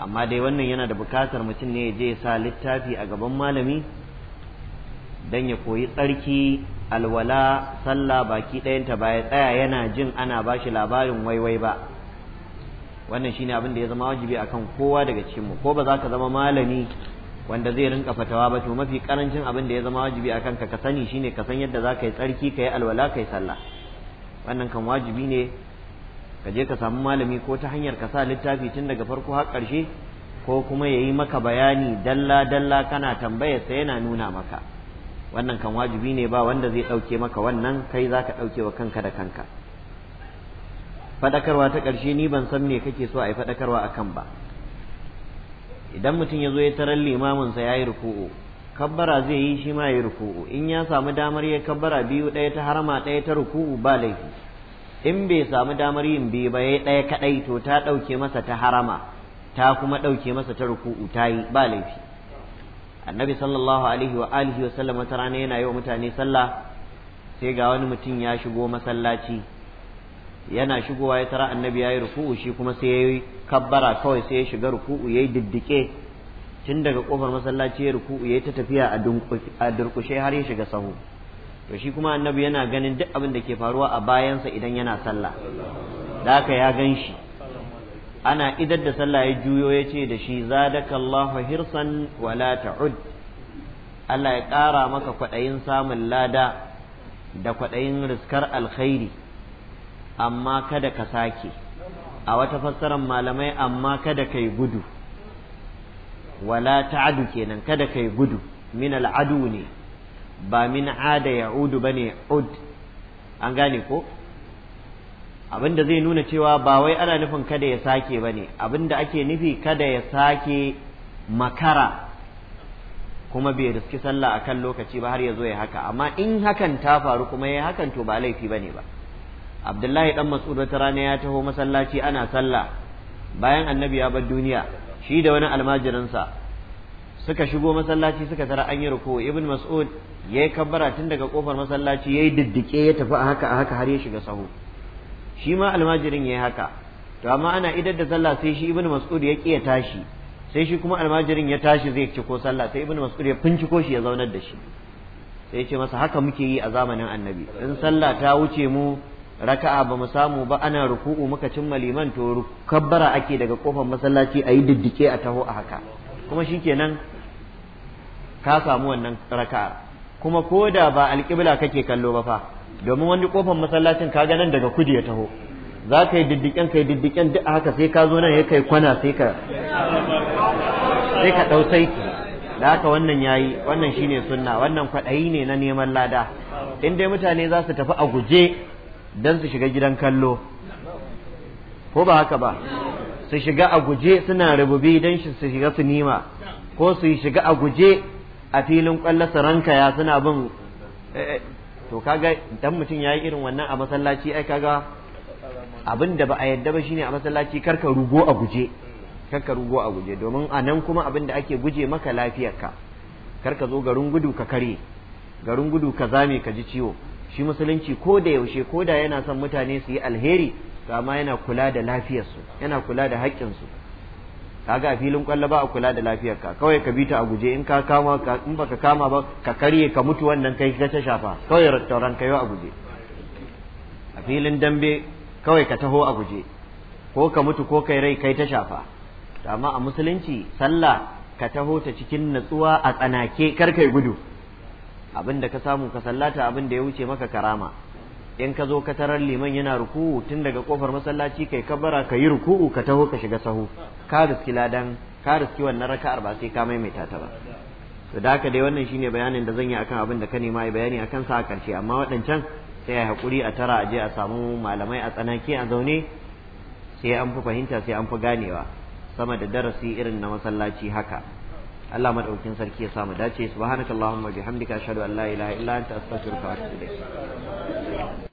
amma dai wannan yana da bukatar mutum ne ya je ya sa littafi a gaban malami don ya koyi tsarki alwala sallah baki ɗayanta ba ya tsaya yana jin ana bashi labarin waiwai ba wannan shine abin da ya zama wajibi akan kowa daga cikinmu ko ba za ka zama malami wanda zai rinka fatawa ba to mafi karancin abin da ya zama wajibi akan ka ka sani shine ka san yadda za ka yi tsarki ka yi alwala ka yi sallah wannan kan wajibi ne ka je ka samu malami ko ta hanyar ka sa littafi tun daga farko har ƙarshe ko kuma ya yi maka bayani dalla dalla kana tambayarsa yana nuna maka wannan kan wajibi ne ba wanda zai ɗauke maka wannan kai za ka ɗauke wa kanka da kanka faɗakarwa ta ƙarshe ni ban san me kake so a yi faɗakarwa a kan ba idan mutum ya zo ya tarar limaminsa ya yi ruku'u kabbara zai yi shi ma ya yi ruku'u in ya samu damar ya kabbara biyu ɗaya ta harama ɗaya ta ruku'u ba laifi in bai samu damar yin biyu ba ya ɗaya kaɗai to ta ɗauke masa ta harama ta kuma ɗauke masa ta ruku'u ta ba laifi annabi sallallahu alaihi wa alihi wa sallam wata rana yana yi wa mutane sallah sai ga wani mutum ya shigo masallaci yana shigowa ya tara annabi ya yi ruku'u shi kuma sai ya yi kabbara kawai sai ya shiga ruku'u ya yi diddike tun daga kofar masallaci ya ruku'u ya yi ta tafiya a durkushe har ya shiga sahu to shi kuma annabi yana ganin duk abin da ke faruwa a bayansa idan yana sallah da haka ya gan shi ana idar da sallah ya juyo ya ce da shi zadakallahu hirsan wala ta'ud Allah ya ƙara maka kwaɗayin samun lada da kwaɗayin riskar alkhairi amma kada ka sake a wata fassarar malamai amma kada ka gudu wala ta'adu kenan kada kai gudu min al'adu ne ba min ada ya'udu bane ud an gane ko abinda zai nuna cewa ba wai ana nufin kada ya sake ba ne abinda ake nufi kada ya sake makara kuma bai riski sallah akan lokaci ba har ya zo ya haka amma in hakan ta faru kuma ya hakan to ba laifi ba ne ba abdullahi dan mas'ud wata rana ya taho masallaci ana sallah bayan annabi ya bar duniya shi da wani almajirinsa suka shigo masallaci suka tara an yi ruku ibn mas'ud ya yi kabbara tun daga kofar masallaci ya yi diddike ya tafi a haka a haka har ya shiga sahu shi ma almajirin yi haka to amma ana idar da sallah sai shi ibnu mas'ud ya tashi sai shi kuma almajirin ya tashi zai ciko sallah sai ibnu mas'ud ya finciko shi ya zaunar da shi sai ce masa haka muke yi a zamanin annabi in sallah ta wuce mu raka'a ba mu samu ba ana ruku'u muka cimma liman to kabbara ake daga kofar masallaci a yi diddike a taho a haka kuma shikenan ka samu wannan raka'a kuma ko da ba alƙibla kake kallo ba fa domin wani kofar masallacin ka ga nan daga kudu ya taho za ka yi diddiken ka yi diddiken duk haka sai ka zo nan ya kai kwana sai ka sai ka ɗau saiti da haka wannan yi wannan shine sunna wannan kwaɗayi ne na neman lada in dai mutane za su tafi a guje don su shiga gidan kallo ko ba haka ba su shiga a guje suna rububi don su shiga su nima ko su shiga a guje a filin kwallasa ranka ya suna bin eh, eh, to kaga dan mutum yayi irin wannan a masallaci ai kaga abin da ba a yadda ba shine a masallaci karka rugo a guje karka rugo a guje domin a nan kuma abin da ake guje maka lafiyarka karka zo garin gudu ka kare garin gudu ka zame ka ji ciwo shi musulunci ko da yaushe ko da yana son mutane su yi alheri to amma yana kula da lafiyarsu yana kula da su. kaga a filin kwallo ba a kula da lafiyarka kawai ka bi ta a guje in ka kama in baka kama ba ka karye ka mutu wannan kai ka ta shafa kawai rattauran kai a guje a filin dambe kawai ka taho a guje ko ka mutu ko kai rai kai ta shafa amma a musulunci sallah ka taho ta cikin natsuwa a tsanake kar kai gudu abin ka samu ka sallata abin da ya wuce maka karama in ka zo ka tarar liman yana ruku'u tun daga kofar masallaci kai kabara ka yi ruku'u ka taho ka shiga sahu ka riski ladan ka riski wannan raka'ar ba sai ka maimaita ta ba to da haka dai wannan shine bayanin da zan yi akan abin da ka nema yi bayani akan sa a karshe amma waɗancan sai a hakuri a tara a je a samu malamai a tsanaki a zaune sai an fi fahimta sai an fi ganewa sama da darasi irin na masallaci haka Allah madaukin sarki ya samu dace subhanakallahumma bihamdika ashhadu an la ilaha illa anta astaghfiruka wa atubu ilayk